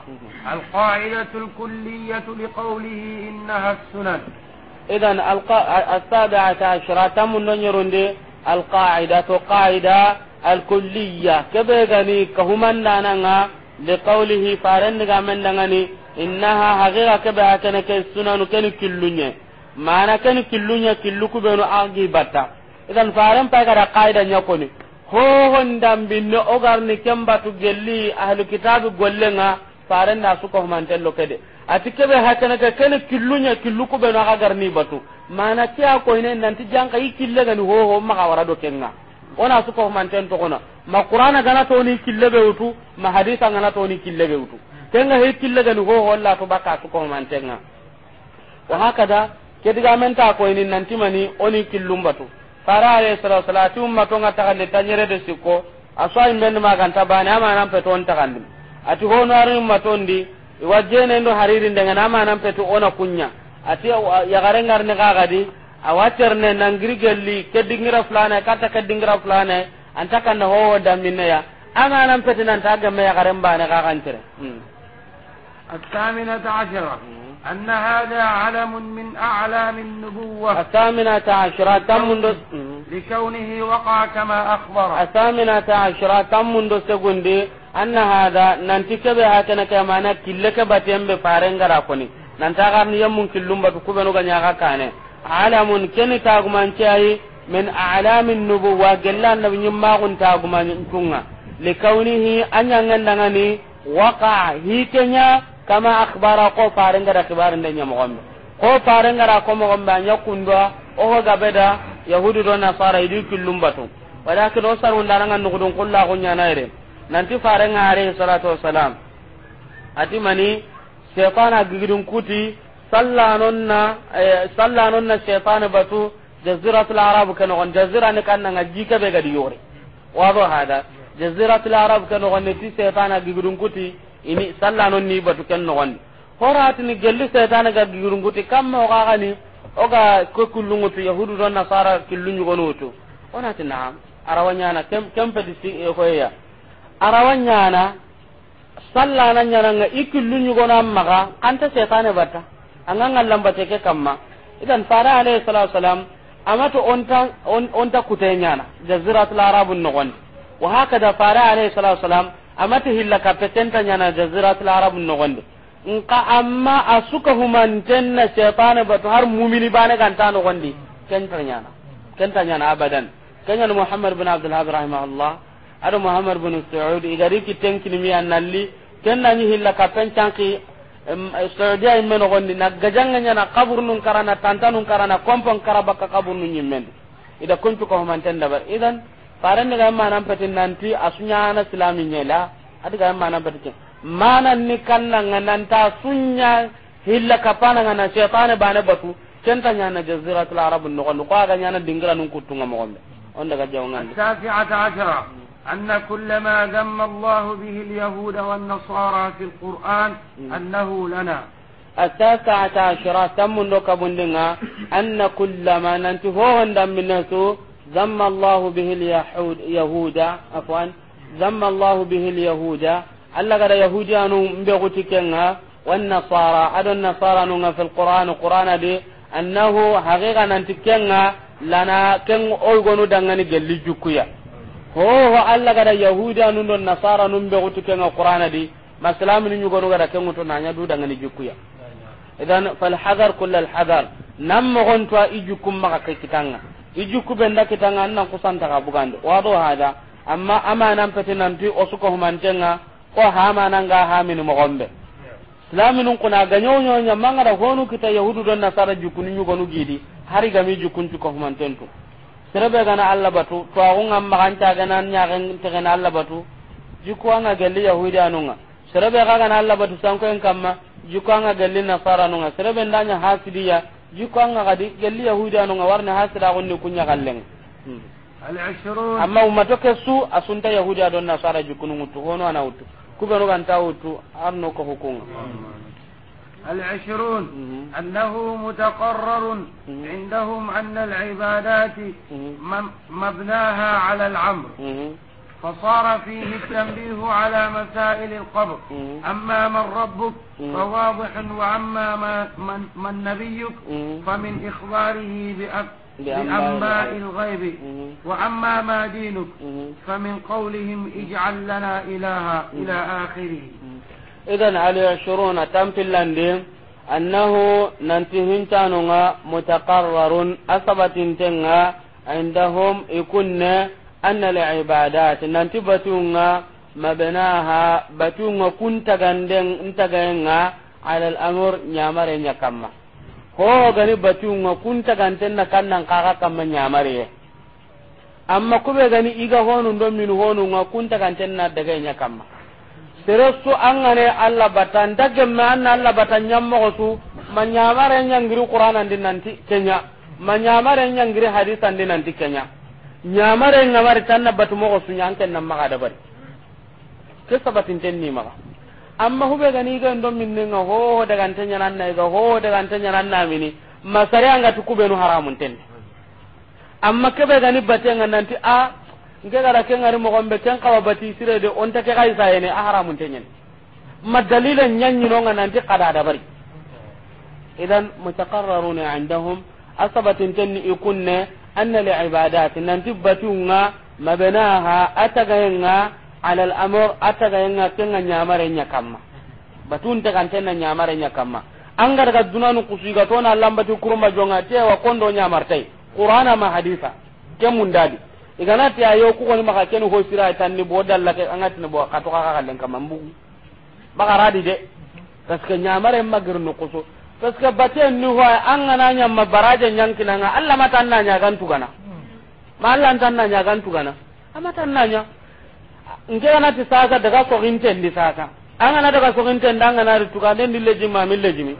القاعدة الكلية لقوله إنها السنن إذا السابعة عشرة تم نيرون القاعدة قاعدة الكلية كبيغني كهمان دانانا لقوله فارن من داناني إنها حقيقة كبيرة كنك sunanu كن كلنية mana kan killunya killu beno agi bata idan faran pa kada qaida nya koni ho hon ni kemba tu gelli ahlu kitab gollenga faran na su ko manten lokede atike be hakana ka kan killunya killu beno agar ni batu mana kiya ko ne nanti janka ikille gani ho ho ma kawara do kenga ona su ko manten to kona ma qur'ana gana to ni kille be utu ma hadisa gana to ni kille be utu kenga he kille gani ho ho la to baka su ko nga wa hakada ketiga men ta ko ni nanti mani oni killum batu fara ale salatu salati umma to ngata kan de tanyere de sikko aswa imben ma kan tabani ama nan peto on takandi ati hono aru umma tondi wajjene ndo hariri de ngana ama nan peto ona kunya ati ya garengar ne ga gadi awacer ne nangri gelli kedingira fulane kata kedingira fulane antaka na ho daminne ya ama nan peto nan ta gamme ya garen bane ga kan tere الثامنة أن هذا علم من أعلام النبوة الثامنة عشرة تم لكونه وقع كما أخبر الثامنة عشرة تم من سجندي أن هذا ننتكب هاتنا كما نكلك باتين بفارن غرافني ننتغر نيمون كلهم بتكوبنو غنيا كانه علم كن تاغمان شاي من أعلام النبوة جل النبي ما كنت تاغمان كونا لكونه أن لغني وقع هيتنيا kama akhbara ko farenga da kibarin da nyamogombe ko farenga da ko mogombe anya kundwa oho gabeda yahudu do nasara idi kullum batu walakin osar wundana ngan nugudun kullahu nyana ire nanti farenga alayhi salatu wassalam ati mani shaytana gigidun kuti sallanonna eh, sallanonna shaytana batu jaziratul arab kan on jazira ne kan nga jika be gadi yore wado hada jaziratul arab kan on ti gigidun kuti ini salla non ni batu ken nogondi horatini gelli setane ga yurunguti kamma oga gani oga ko kullungutu yahudu don nasara killu nyugonutu na arawanya arawanyana kem kem peti koya eh, arawanyana salla na nyana nga ikillu nyugona maga anta setane bata anga ngallam bate ke kamma idan fara alayhi salatu wasalam amato onta onta kutenya na jaziratul arabun nogondi wa hakada fara alayhi salatu wasalam amati hilla kappe kenta ñana jaziratul arabu nogondi nka amma a suka humantenna ba batu har mumini bane ganta gondi kenta nyana kenta nyana abadan kenya muhammad bin abdulhab rahimahullah aɗo muhammad bin saud igari ni a nalli ni hilla kappen canki saudia men gondi na gajanga nyana qabr nun karana tantanun karana kompon kara bakka kabur nu ñimmendi ida kuncuka humanten dabar idan faran daga manan patin nanti asunya ana islami nyela adiga manan patin manan ni kannan nan ta sunya hilla kapana ngana shaytan bana batu kenta nyana jaziratul arab no ko ko ga nyana dingira nun kutunga mo gombe on daga jawngan tafi'ata ashara أن كل ما ذم الله به اليهود والنصارى في القرآن أنه لنا التاسعة عشرة تم نكبندنا أن كل ما ننتهون من نسو ذم الله به اليهود عفوا ذم الله به اليهود ألا قد يهوديان بغتكنا والنصارى أدو النصارى في القرآن قرآن دي أنه حقيقة ننتكنا لنا كن أوغنو دنغني جلي جكويا هو هو ألا قد يهوديان والنصارى بغتكنا قرآن دي مسلم نيغنو قد كن تنانيا دو دنغني جكويا إذن فالحذر كل الحذر نم غنتوا إجكم مغا كتكنا ijukku benda kitanga annan kusantaka bugande wado hada amma amanan peti nanti osuko humantenga ko hamananga hamini mogombe silaminun kuna nya mangara honu kita yahudu don nasara jukkuni ñugonu giidi hari gami ko humantentu serebe gana allah batu twaxunga maxancagenan ñaxentegena allah batu jikkuwanga gelli yahudi anunga serebe gana allah batu sankoen kamma jikkuwanga gelli nasara anunga serebe ndaña hasidiya jikkonga gadi gelli yahudianonga warni hasidagunni kuñagallenga hmm. amma ummato ke su asunta yahudia don nasara jikkunu ŋuttu hono ana wuttu kubenu ganta wuttu arno ko hukunga العشرون أنه متقرر عندهم أن العبادات مبناها على العمر فصار فيه التنبيه على مسائل القبر أما من ربك فواضح وأما من, من نبيك فمن إخباره بأنباء الغيب وأما ما دينك فمن قولهم اجعل لنا إلها إلى آخره إذا على عشرون اللندن أنه ننتهن تانونا متقرر أصبت تنغا عندهم يكون anna al ibadat nanti batunga mabnaha batunga kunta gandeng ntagayenga ala al amr nyamare nyakamma ho gani batunga kunta gantenna kannan kaka kamma nyamare amma kube gani iga honu ndo min honu nga kunta gantenna daga nyakamma seresu angane alla batan dagemma anna alla batan nyammo su manyamare nyangiri qur'anan dinanti kenya manyamare nyangiri hadisan dinanti kenya nyamare ngamare tanna batu mo su an ken nan maga bari ke ten ni maga amma hube gani ga ndo ne nga ho daga antenya nan na ga ho daga antenya nan na mini masare anga kube no haramun ten amma ke kebe gani batenga nanti a nge gara ke ngari mo gombe ten kawa bati sire de ta ke kai yene a haramun tenne madalila nyanyi no nga nanti da bari idan mutaqarrarun indahum asabatin tan ikunne anna li ibadati nanti batunga mabanaha atagayenga ala al amr atagayenga kenga nyamare nya kamma batun ta kan tenna nyamare nya kamma an ga dunanu kusiga to na lambati kurma jonga tewa kondo nyamartai qur'ana ma haditha ke mundadi ti ayo ku koni maka kenu ho sira tanni bo la ke angat ne bo katoka ka kalen kamambu radi de kaske nyamare magir nu kusu parce que baten ni hoya an gana ñamma baraje ñankinanga allah mata an na ma allah nta an na ñagantugana amata an naña nke ganati sasa daga sogintendi sasa an gana daga sogintendi an ganari tuga ndendi lejima min lejimi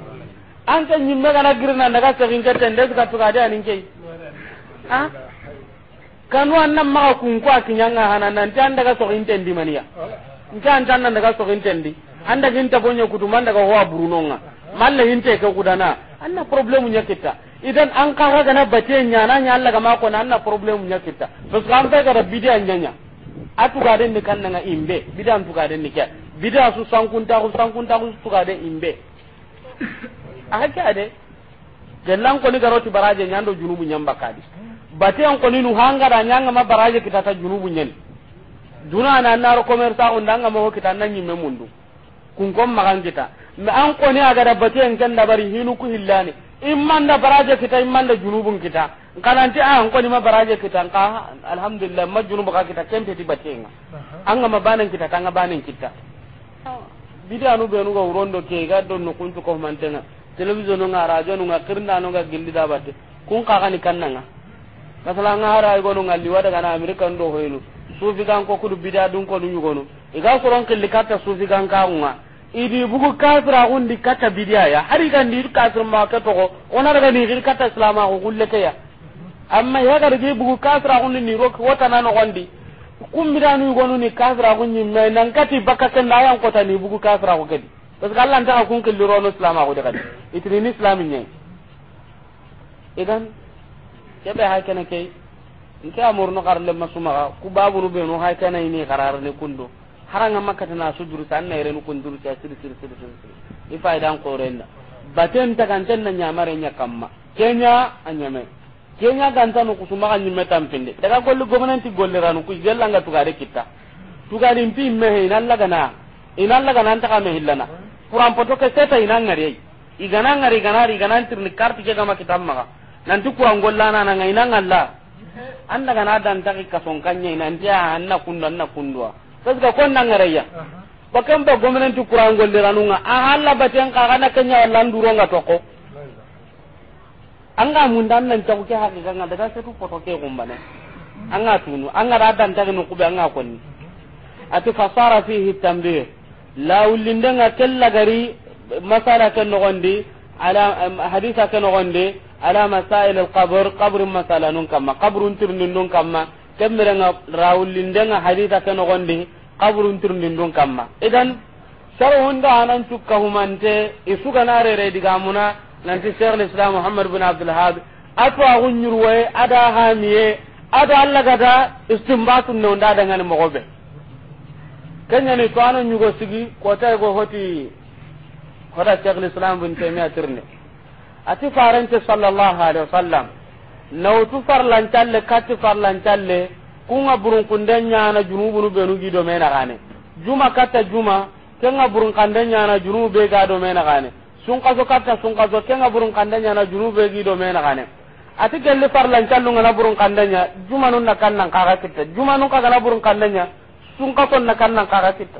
an ke ñimme gana girina daga sogintetendi ndesika tugade anin kei a kanu an nan maga kunku a kiñanga hana nanti an daga sogintendi maniya nke an tan nan daga sogintendi an daginta boñe kutuma an daga howa burunonga malla hinte ka gudana anna problemu nya kita idan an kara gana bace nya na nya Allah ga ma ko anna problemu nya kita to kan ta ga bidiya nya nya atu ga den kan na imbe bidan tu ga den ni kya bidiya su sankun ta ku sankun ta ku tu ga den imbe a haka ade gellan ko ni garoti baraje nya ndo junubu nya mbakadi bate an ko ni nu hanga da nya ma baraje kita ta junubu nya duna na naro commerce ta undanga mo kita nan nyimme mundu kun kon magan kita me an ne aga da batiyen kan da bari hinu ku hillani imman da baraje kita imman da junubun kita kananti a an koni ma baraje kita ka alhamdulillah ma junubu ka kita kempe ti batiyen an ga mabanan kita tanga banan kita bidi anu be nu ga urondo ke ga don no to ko mantenga television nga radio nga kirna nga gilli da batte kun ka kani kannanga masala nga hara go no ngalli wada kana amerika ndo hoyinu sufi kan ko kudu bida dun ko nu nyugono iga soron killi kata sufi kan ka nga idi bugu kafira di kata bidia ya hari kan di kafir ma ka to ko ona daga ni gir kata islama ko gulle ke ya amma ya ga di bugu kafira on ni ro ko ta nan gondi kumbira nu gonu ni kafira ko nyi me nan kati baka ken da yan ko ta ni bugu kafira ko gadi parce que Allah ko kun killi ro no islama ko daga itini islamin ne idan ke ha kenan kai nke amurno karle masumaga ku babunu benu hay kana ini karar ne kundo haranga makata na sujuru san na irenu kunduru ta sir sir sir sir ifa idan korenda baten ta kan tan na nyamare nya kamma kenya anyame kenya kan tan ku sumaga nyime pinde daga gollu golle ranu ku gella nga tugare kitta he nan laga na inan laga nan ta kame hillana kuran poto ke seta ai igana ngari igana igana tirni kartu ke gama kitamma tu ku angolla na nga alla anda kana dan taki kason kanye nan dia anna kundu anna kundu kas ga kon nan ngare ya bakan ba gwamnati kuran golle ranunga a halla baten ka kana kanya wallan duro nga toko anga mun dan nan taku ke hakika nga daga se tu foto ke an anga tunu anga da dan taki no kube anga konni ati fasara fihi tambih lawlindanga kella gari masala ken nogondi ala hadisa ke nogonde ala masail alqabr qabr masala nun kamma qabrun tirndin nun kamma kemmerenga rawullindenga hadisa ke nogonde qabrun tirndin nun kamma idan sharhunda anan cukka humante isuganarere digamuna nanti cheikh lislam muhammad bin abdulhab ato agun ñurwoye ada hamiye ada allah gata istimbatun ne onda dangani mogoɓe kenyani to ano ñugo sigi kotaego hoti hoda cheikh l'islam bin taymiya tirne ati farante sallallahu alaihi wasallam nawtu farlantalle katti farlantalle kunga burun kunden nyana junubunu benu gido mena gane juma katta juma kenga burun kanden nyana junube ga do mena gane sun kaso katta sun kaso kenga burun kanden nyana junube gido mena gane ati gelli farlantallu ngana burun kandenya juma nun na kannan kaga kitta juma nun kaga burun kandenya sun kaso na kannan kaga kitta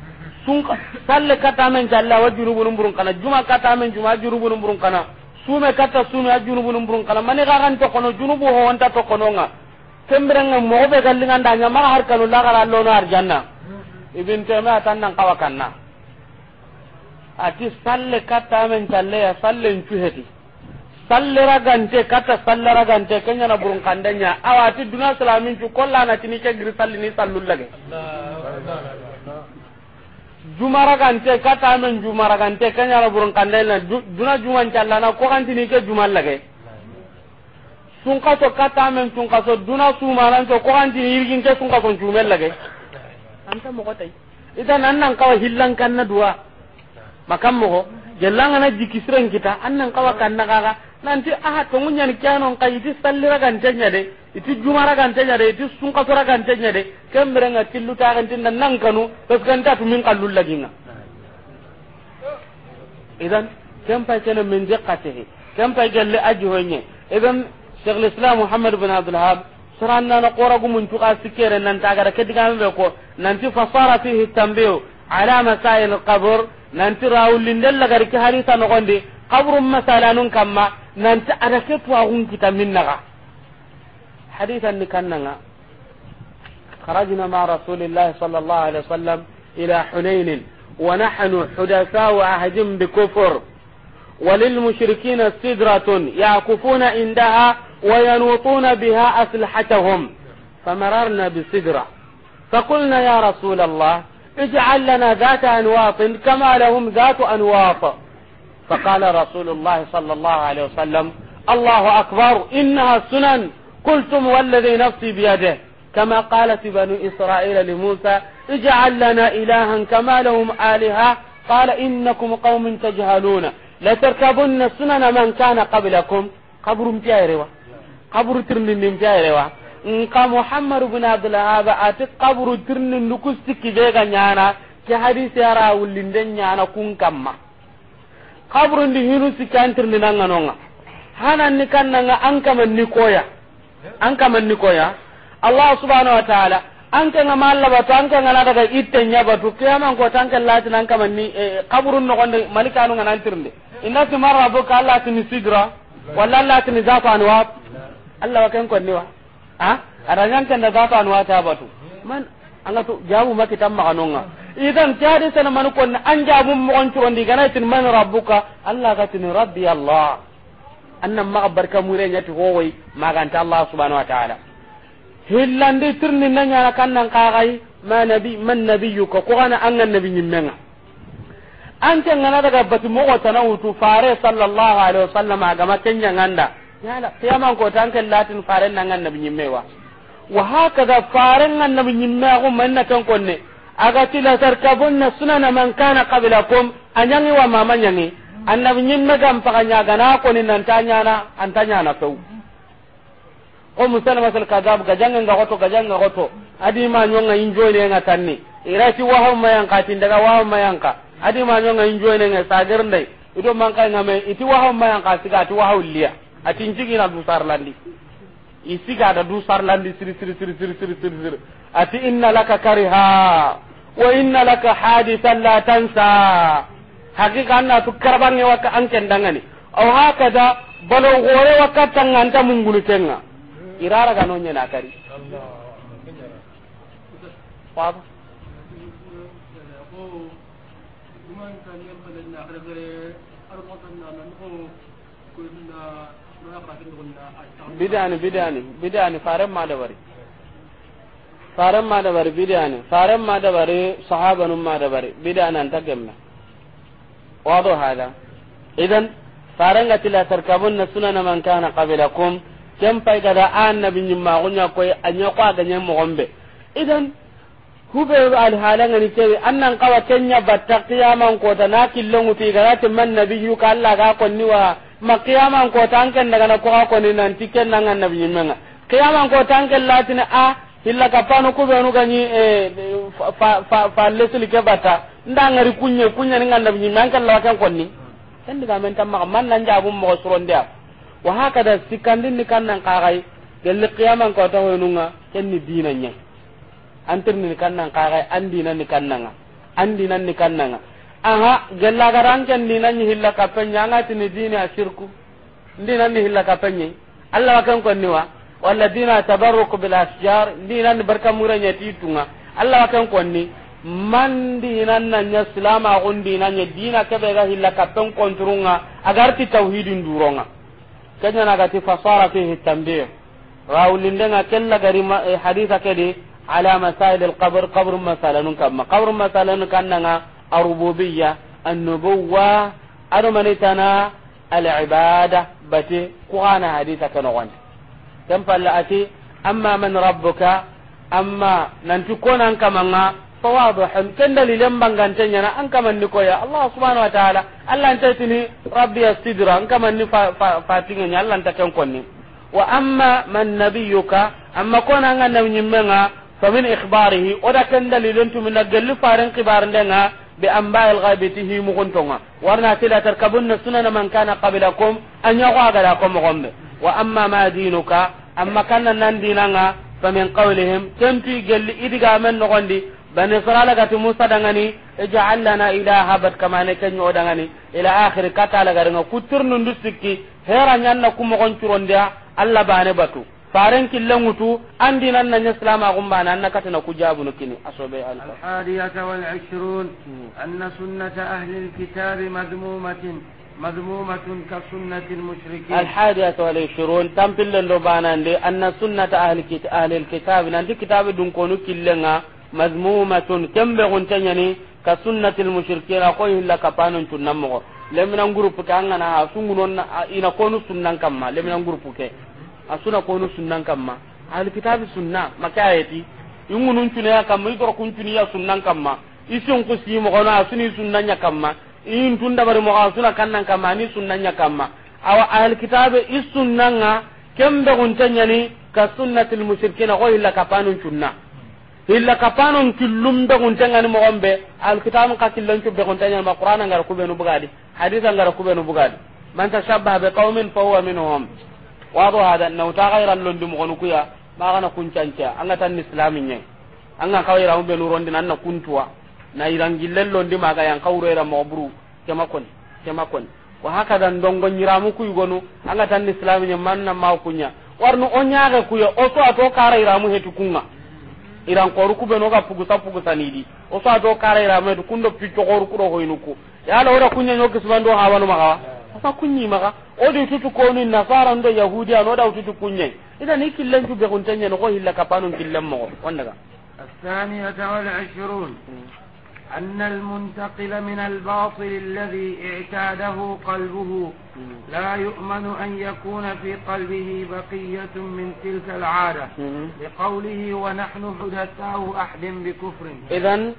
sun salle kata men jalla wa junubun burun kana juma kata men juma juru junubun burun kana sume kata sume a junubun burun kana mani ga kan to kono junubu ho wanta to kono nga kembranga mo be gallingan danya ma har kanu la gara lo na arjanna hmm. ibn taymiya tan nan kanna ati salle kata men jalle ya salle ncu heti salle ragante kata salle ragante kenya na burun kandanya awati dunga salamin cu kollana tini ke gir salli ni sallul lage jumaragante katamen jumaragante kenyara burun na duna juman na ko kan ke jumal lage men katamen so duna to ko kantini irgin ke kon jumel lage anta ida nan nan kawa hillan na dua makam mogo jellanga na jikisiren kita annan kawa kanna kaga nanti aha tongunyani kyanon kai di sallira gantenya de iti jumara gante nyade iti sunka sura gante nyade kembere nga tillu ta gante nan nan kanu parce que nda tumin kallul nga idan kempa kene min diqqatihi kempa galle ajhoyne idan شيخ الاسلام محمد بن عبد الوهاب سرنا نقرأ من تقع سكير أن تاجر كدقان بيكو ننتي فصار فيه التنبيه على مسائل القبر ننتي راول لندل غير كهاري تنقندي قبر مثلا كما ننتي أنا كتوا كتاب من نغا حديثا لكننا خرجنا مع رسول الله صلى الله عليه وسلم إلى حنين ونحن حدثاء عهد بكفر وللمشركين سدرة يعكفون عندها وينوطون بها أسلحتهم فمررنا بسدرة فقلنا يا رسول الله اجعل لنا ذات أنواط كما لهم ذات أنواط فقال رسول الله صلى الله عليه وسلم الله أكبر إنها سنن قلتم والذي نفسي بيده كما قالت بنو إسرائيل لموسى اجعل لنا إلها كما لهم آلهة قال إنكم قوم تجهلون لتركبن سنن من كان قبلكم قبر متيروا قبر ترنن متيروا nka muhammadu bin abdulhab ati kaburu tirni nuku sikki bega nyana ke hadisi ara wulinde nyana kun kamma kaburu ndi hinu sikki antirni nanga nonga hanan ni kannanga an kama ni koya an kamanni koya allah subhanahu wa ta'ala an ke nga malla batu an ke nga na daga ya ba to kiyaman ko tan kan lati nan kaman ni e, qabrun no gonde malikanu nga antirnde inna ti marra ka allah tin sidra walla allah tin zaqa anwa allah kan ko ha wa kan da zaqa anwa ta ba to man anga to jabu kitam ma makanonga idan tiadi sana man ko an jabu mo on to ndi gana tin man rabbuka allah ka tin rabbi allah annan ma barka mure nyati hoyi maganta allah subhanahu wa ta'ala hillande tirni nanya na kannan kagai ma nabi man nabiyyu ko ko ana annan nabi an ta ngana daga batu mogo tanawu hutu fare sallallahu alaihi wasallam aga makenya nganda yala qiyamang ko tanke latin fare nangan nabi mewa wa hakaza fare ngan nabi nyimmewa ko na tan konne aga tilasar kabunna sunana man kana qablakum anyangi wa mama annabi nyimme gam faga nyaga na ko ni nan tanya na antanya na to o musalama sal kadab ga jangan ga goto ga ga goto adi ma nyonga injo ne nga tanni ti wa hamma yang ka tin daga wa hamma yang ka adi ma nyonga injo ne nga sagar ndai ido man kai ngame iti wa hamma yang ka siga ati wa liya ati njigi na dusar landi isiga da dusar landi siri siri siri siri siri siri siri ati inna laka kariha wa inna laka hadithan la tansa hakika anna tu karabange waka anken dangani aw da balo gore waka tanganta mungulu tenga irara ga nonye na kari bidani bidani bidani faren ma da bari faren ma da bari bidani faren ma da bari nun ma da bari bidani an ta gemma واضح هذا اذا na la tarkabunna sunana man kana qablakum kem pay gada an nabi nyimma gonya koy anya kwa ganya mo gombe idan hube al halanga ni tebe annan kawa kenya batta qiyaman ko ta nakillongu ti garati man nabi yu kalla ga konni wa ma qiyaman ko tan ken daga na ko ko ni nan tikken nan an nabi nyimma qiyaman ko tan ken latina a illa ka ku fa nda ngari kunye kunya ni ngandam ni hmm. man kan lawakan konni tan diga men tamma man nan jabu mo surondia wa hakada sikandin ni kan nan kagai gelle qiyamang ko tawo nunga ken ni dinanya antir ni kan nan kagai andina ni kan nan andina ni kan nan aha gella garan ken ni hilla kapenya ngati ni dini asirku ni hilla kapenya Allah wakan konni wa walladina tabarruku bil asjar dinan barkamuranya titunga Allah wakan konni man dinan nan ya silama gon dinan ya dina ke be ga hilla kapen konturunga agarti tauhidin duronga kanya na gati fasara fihi tambih rawlindenga kella gari eh, haditha kedi ala masail alqabr qabr masalanun kam qabr masalanun kannanga arububiyya annubuwa arumanitana na bati qur'ana haditha kanogon tan palla ati amma man rabbuka amma nanti konan kamanga فواضح كن دليل بانغانتي نانا أنك من نكويا الله سبحانه وتعالى الله انت تني ربي استدر ان كما نفا فاتين الله انت كنكوني واما من نبيك اما كون ان نبي منا فمن اخباره ودا كن دليل انت من دل فارن خبار دنا بانباء الغيب تيه مغنتونا ورنا تلا تركبون سنن من كان قبلكم ان يغوا لكم غمد واما ما دينك اما كان نان ديننا فمن قولهم تنتي جل ايدغا من نغندي bani israila gati musa dangani ij'al lana ilaha bat kama ne da ngani ila akhir kata la kutur nu ndusiki hera nyan na mo gon dia alla bane batu faren wutu andi nan nan islam agum bana anna na ku jabu kini asobe al hadiyata wal 20 anna sunnata ahli al kitab madmumatin مذمومة كسنة المشركين الحادية والعشرون anna sunnata اللي أن سنة أهل, أهل الكتاب نعند كتاب دون كونو كلنا mazmumatun kembe guntenyani ka sunnatil mushrikina ko hilla ka panon tunnan mo lemina groupe ka ngana asungunon ina konu sunnan kamma lemina groupe ke asuna konu sunnan kamma al kitabi sunna makayati ingunun tunya kamma idor kun tunya sunnan kamma isin ku si mo kono asuni sunnan nya kamma in tunda bari mo asuna kannan kamma ni sunnan nya kamma awa al kitabe is sunnanga kembe guntanyani ka ko illa kapanon killum da gunta tangani mo gombe alkitabun ka killan be da gunta ma qur'ana ngara kubenu bugadi hadisa ngara kubenu bugadi man shabba be qaumin fa huwa minhum wado hada na ta ghayran londi dum gonu kuya ma kana kuncanca anga tan islamin ne anga kawira humbe nu ronde nan na kuntuwa na lon londi maga yang kawrera mo buru kema kon kema kon wa haka dan dongo nyiramu kuy gonu anga tan islamin ne man na ma kunya warnu onyaga kuya o to ato kara iramu hetu kunga iran koru ku beno ga sa fugu sa nidi o sa do kare ira me kundo to koru ku do hoynu ku ya la ora kunya nyoke subando hawanu maga sa kunyi maga o de tutu ko ni nasara ndo yahudiya no da tutu kunye ida ni killan ju be kuntanya no ko hilla kapanun killan mo wanda ga الثانية والعشرون أن المنتقل من الباطل الذي اعتاده قلبه لا يؤمن أن يكون في قلبه بقية من تلك العادة لقوله ونحن حدثاء أحد بكفر إذا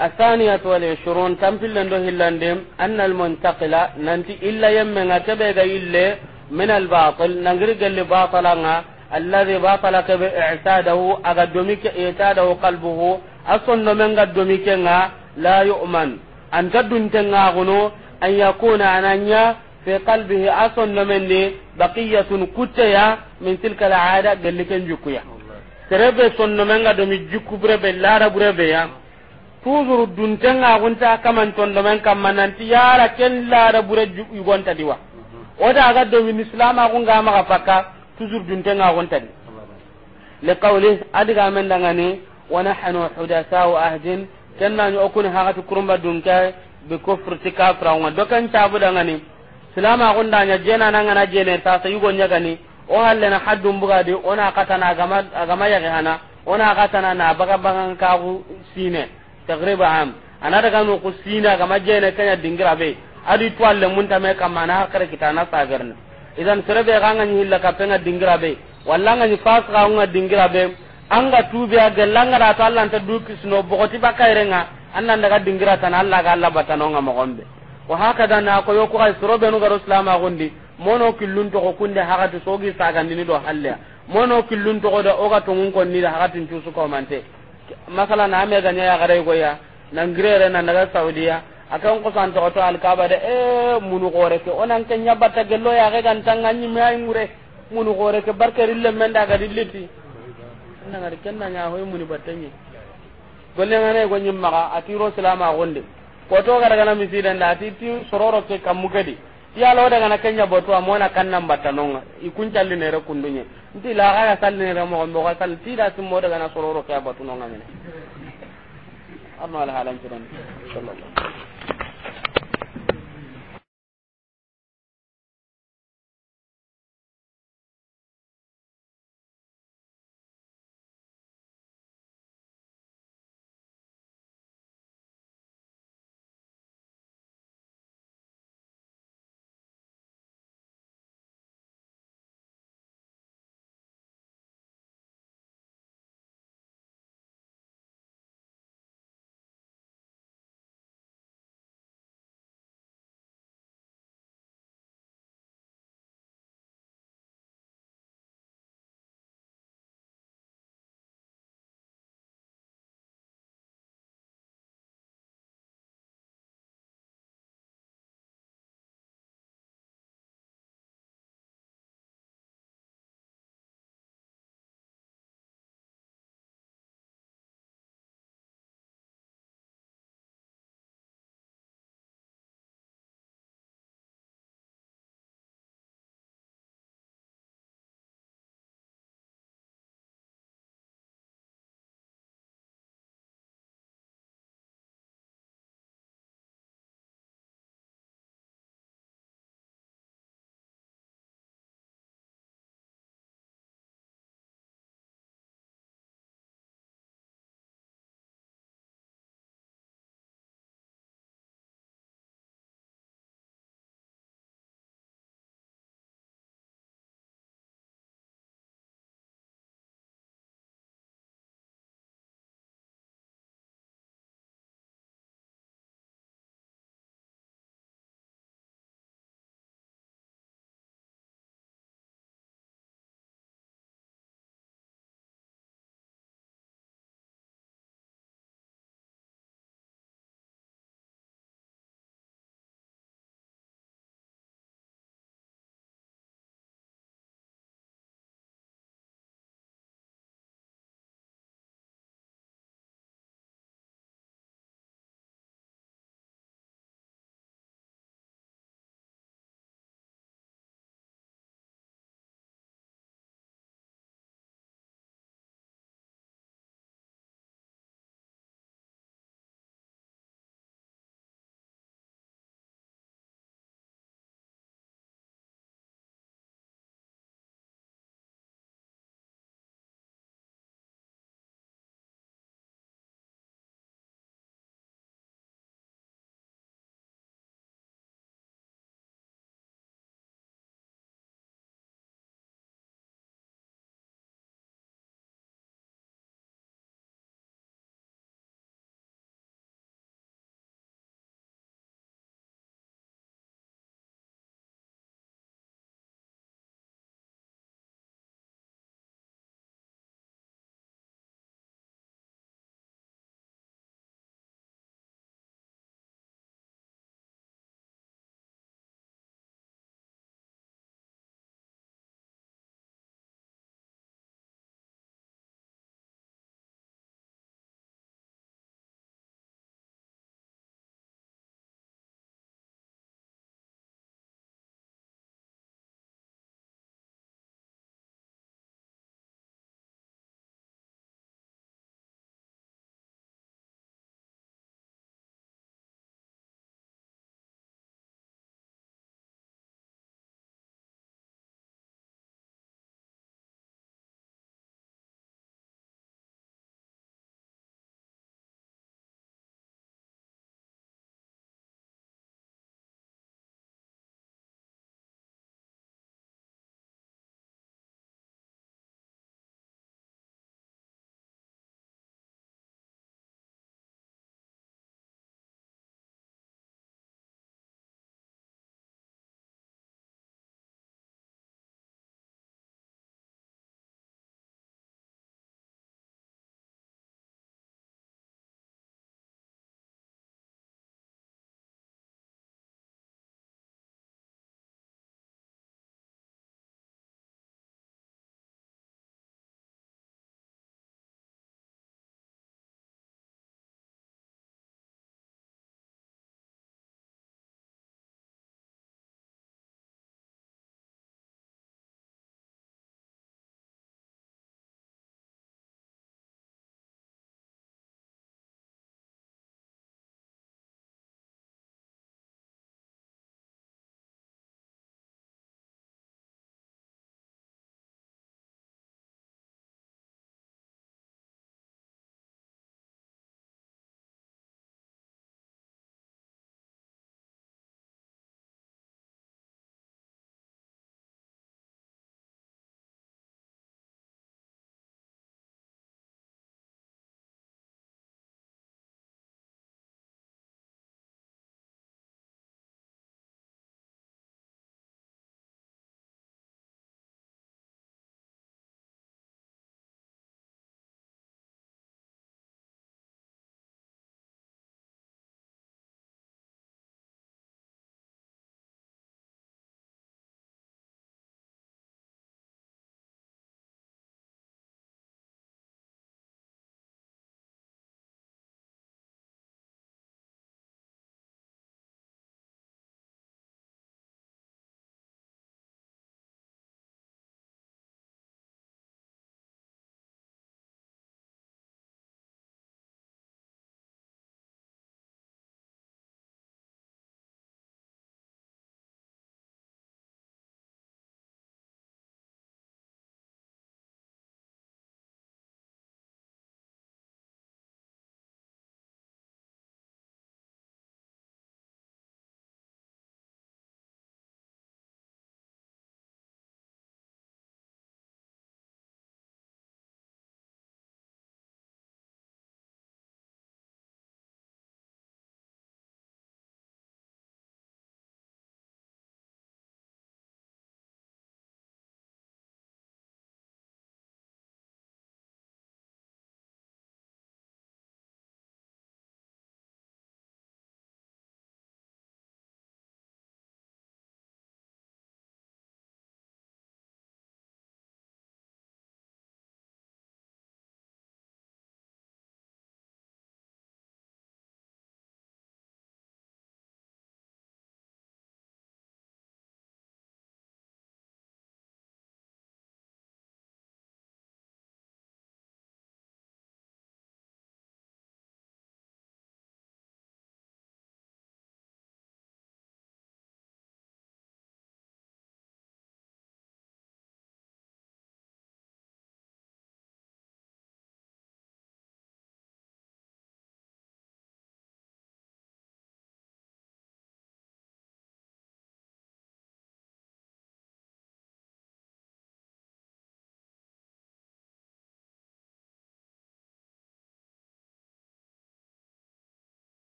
الثانية والعشرون كم في اللندم أن المنتقل ننتي إلا يمنا تبدا إلا من الباطل نغرق اللي باطلنا الذي باطلك بإعتاده أقدمك إعتاده قلبه asondo men ga domi kenga la yu'man an ta dun tenga gono an yakuna ananya fi qalbihi asondo men ni baqiyatun kutaya min tilka al'ada galliken jukuya terebe sonno men ga domi jukku brebe lara brebe ya toujours dun tenga gunta kaman tondo men kamananti yara ken lara bure jukku gonta diwa oda aga domi islam agun ga maka pakka toujours dun tenga gunta ni le qawli adiga men dangane ونحن حدثاء عهد كنا نكون هاغت كرمبا دونكا بكفر تكافر ودكان تابو دغني سلاما جينا نانا جينا تاسا o hallena bugadi ona katana agama yage hana ona katana na baga kagu sine tagriba am sine agama jene dingira be adi kama na hakare sagarna idan sirabe ganga ni hilla kapenga dingira anga tubi a gella anga rata Allah anta du kisno bogoti baka an anna daga dingira tan Allah ga Allah batano nga mogombe wa hakada na ko yoko ay suro no garo islama gondi mono killun to ko kunde to sogi saga nini do halle mono killun to ko da oga to ko konni da hakatin tu su ko mante masala na me ga ya gare go ya nan girere nan daga saudiya akan ko san to to alkaba da e eh, munu gore ke onan ke batta gello ya ga gantan ganyi mai mure munu gore ke barkari lemme daga dilliti na ngari kenna nya hoy muni battanyi golle ngane go nyim maga atiro salama gonde ko to gara gana sidan da ati ti sororo ke kamugadi ya lo daga na kenya botu amona kannan batanonga ikun challi ne re kundunye ndi la ga salli ne re mo mo ga ti da sim mo daga na sororo ke batunonga ne amma al halan turan sallallahu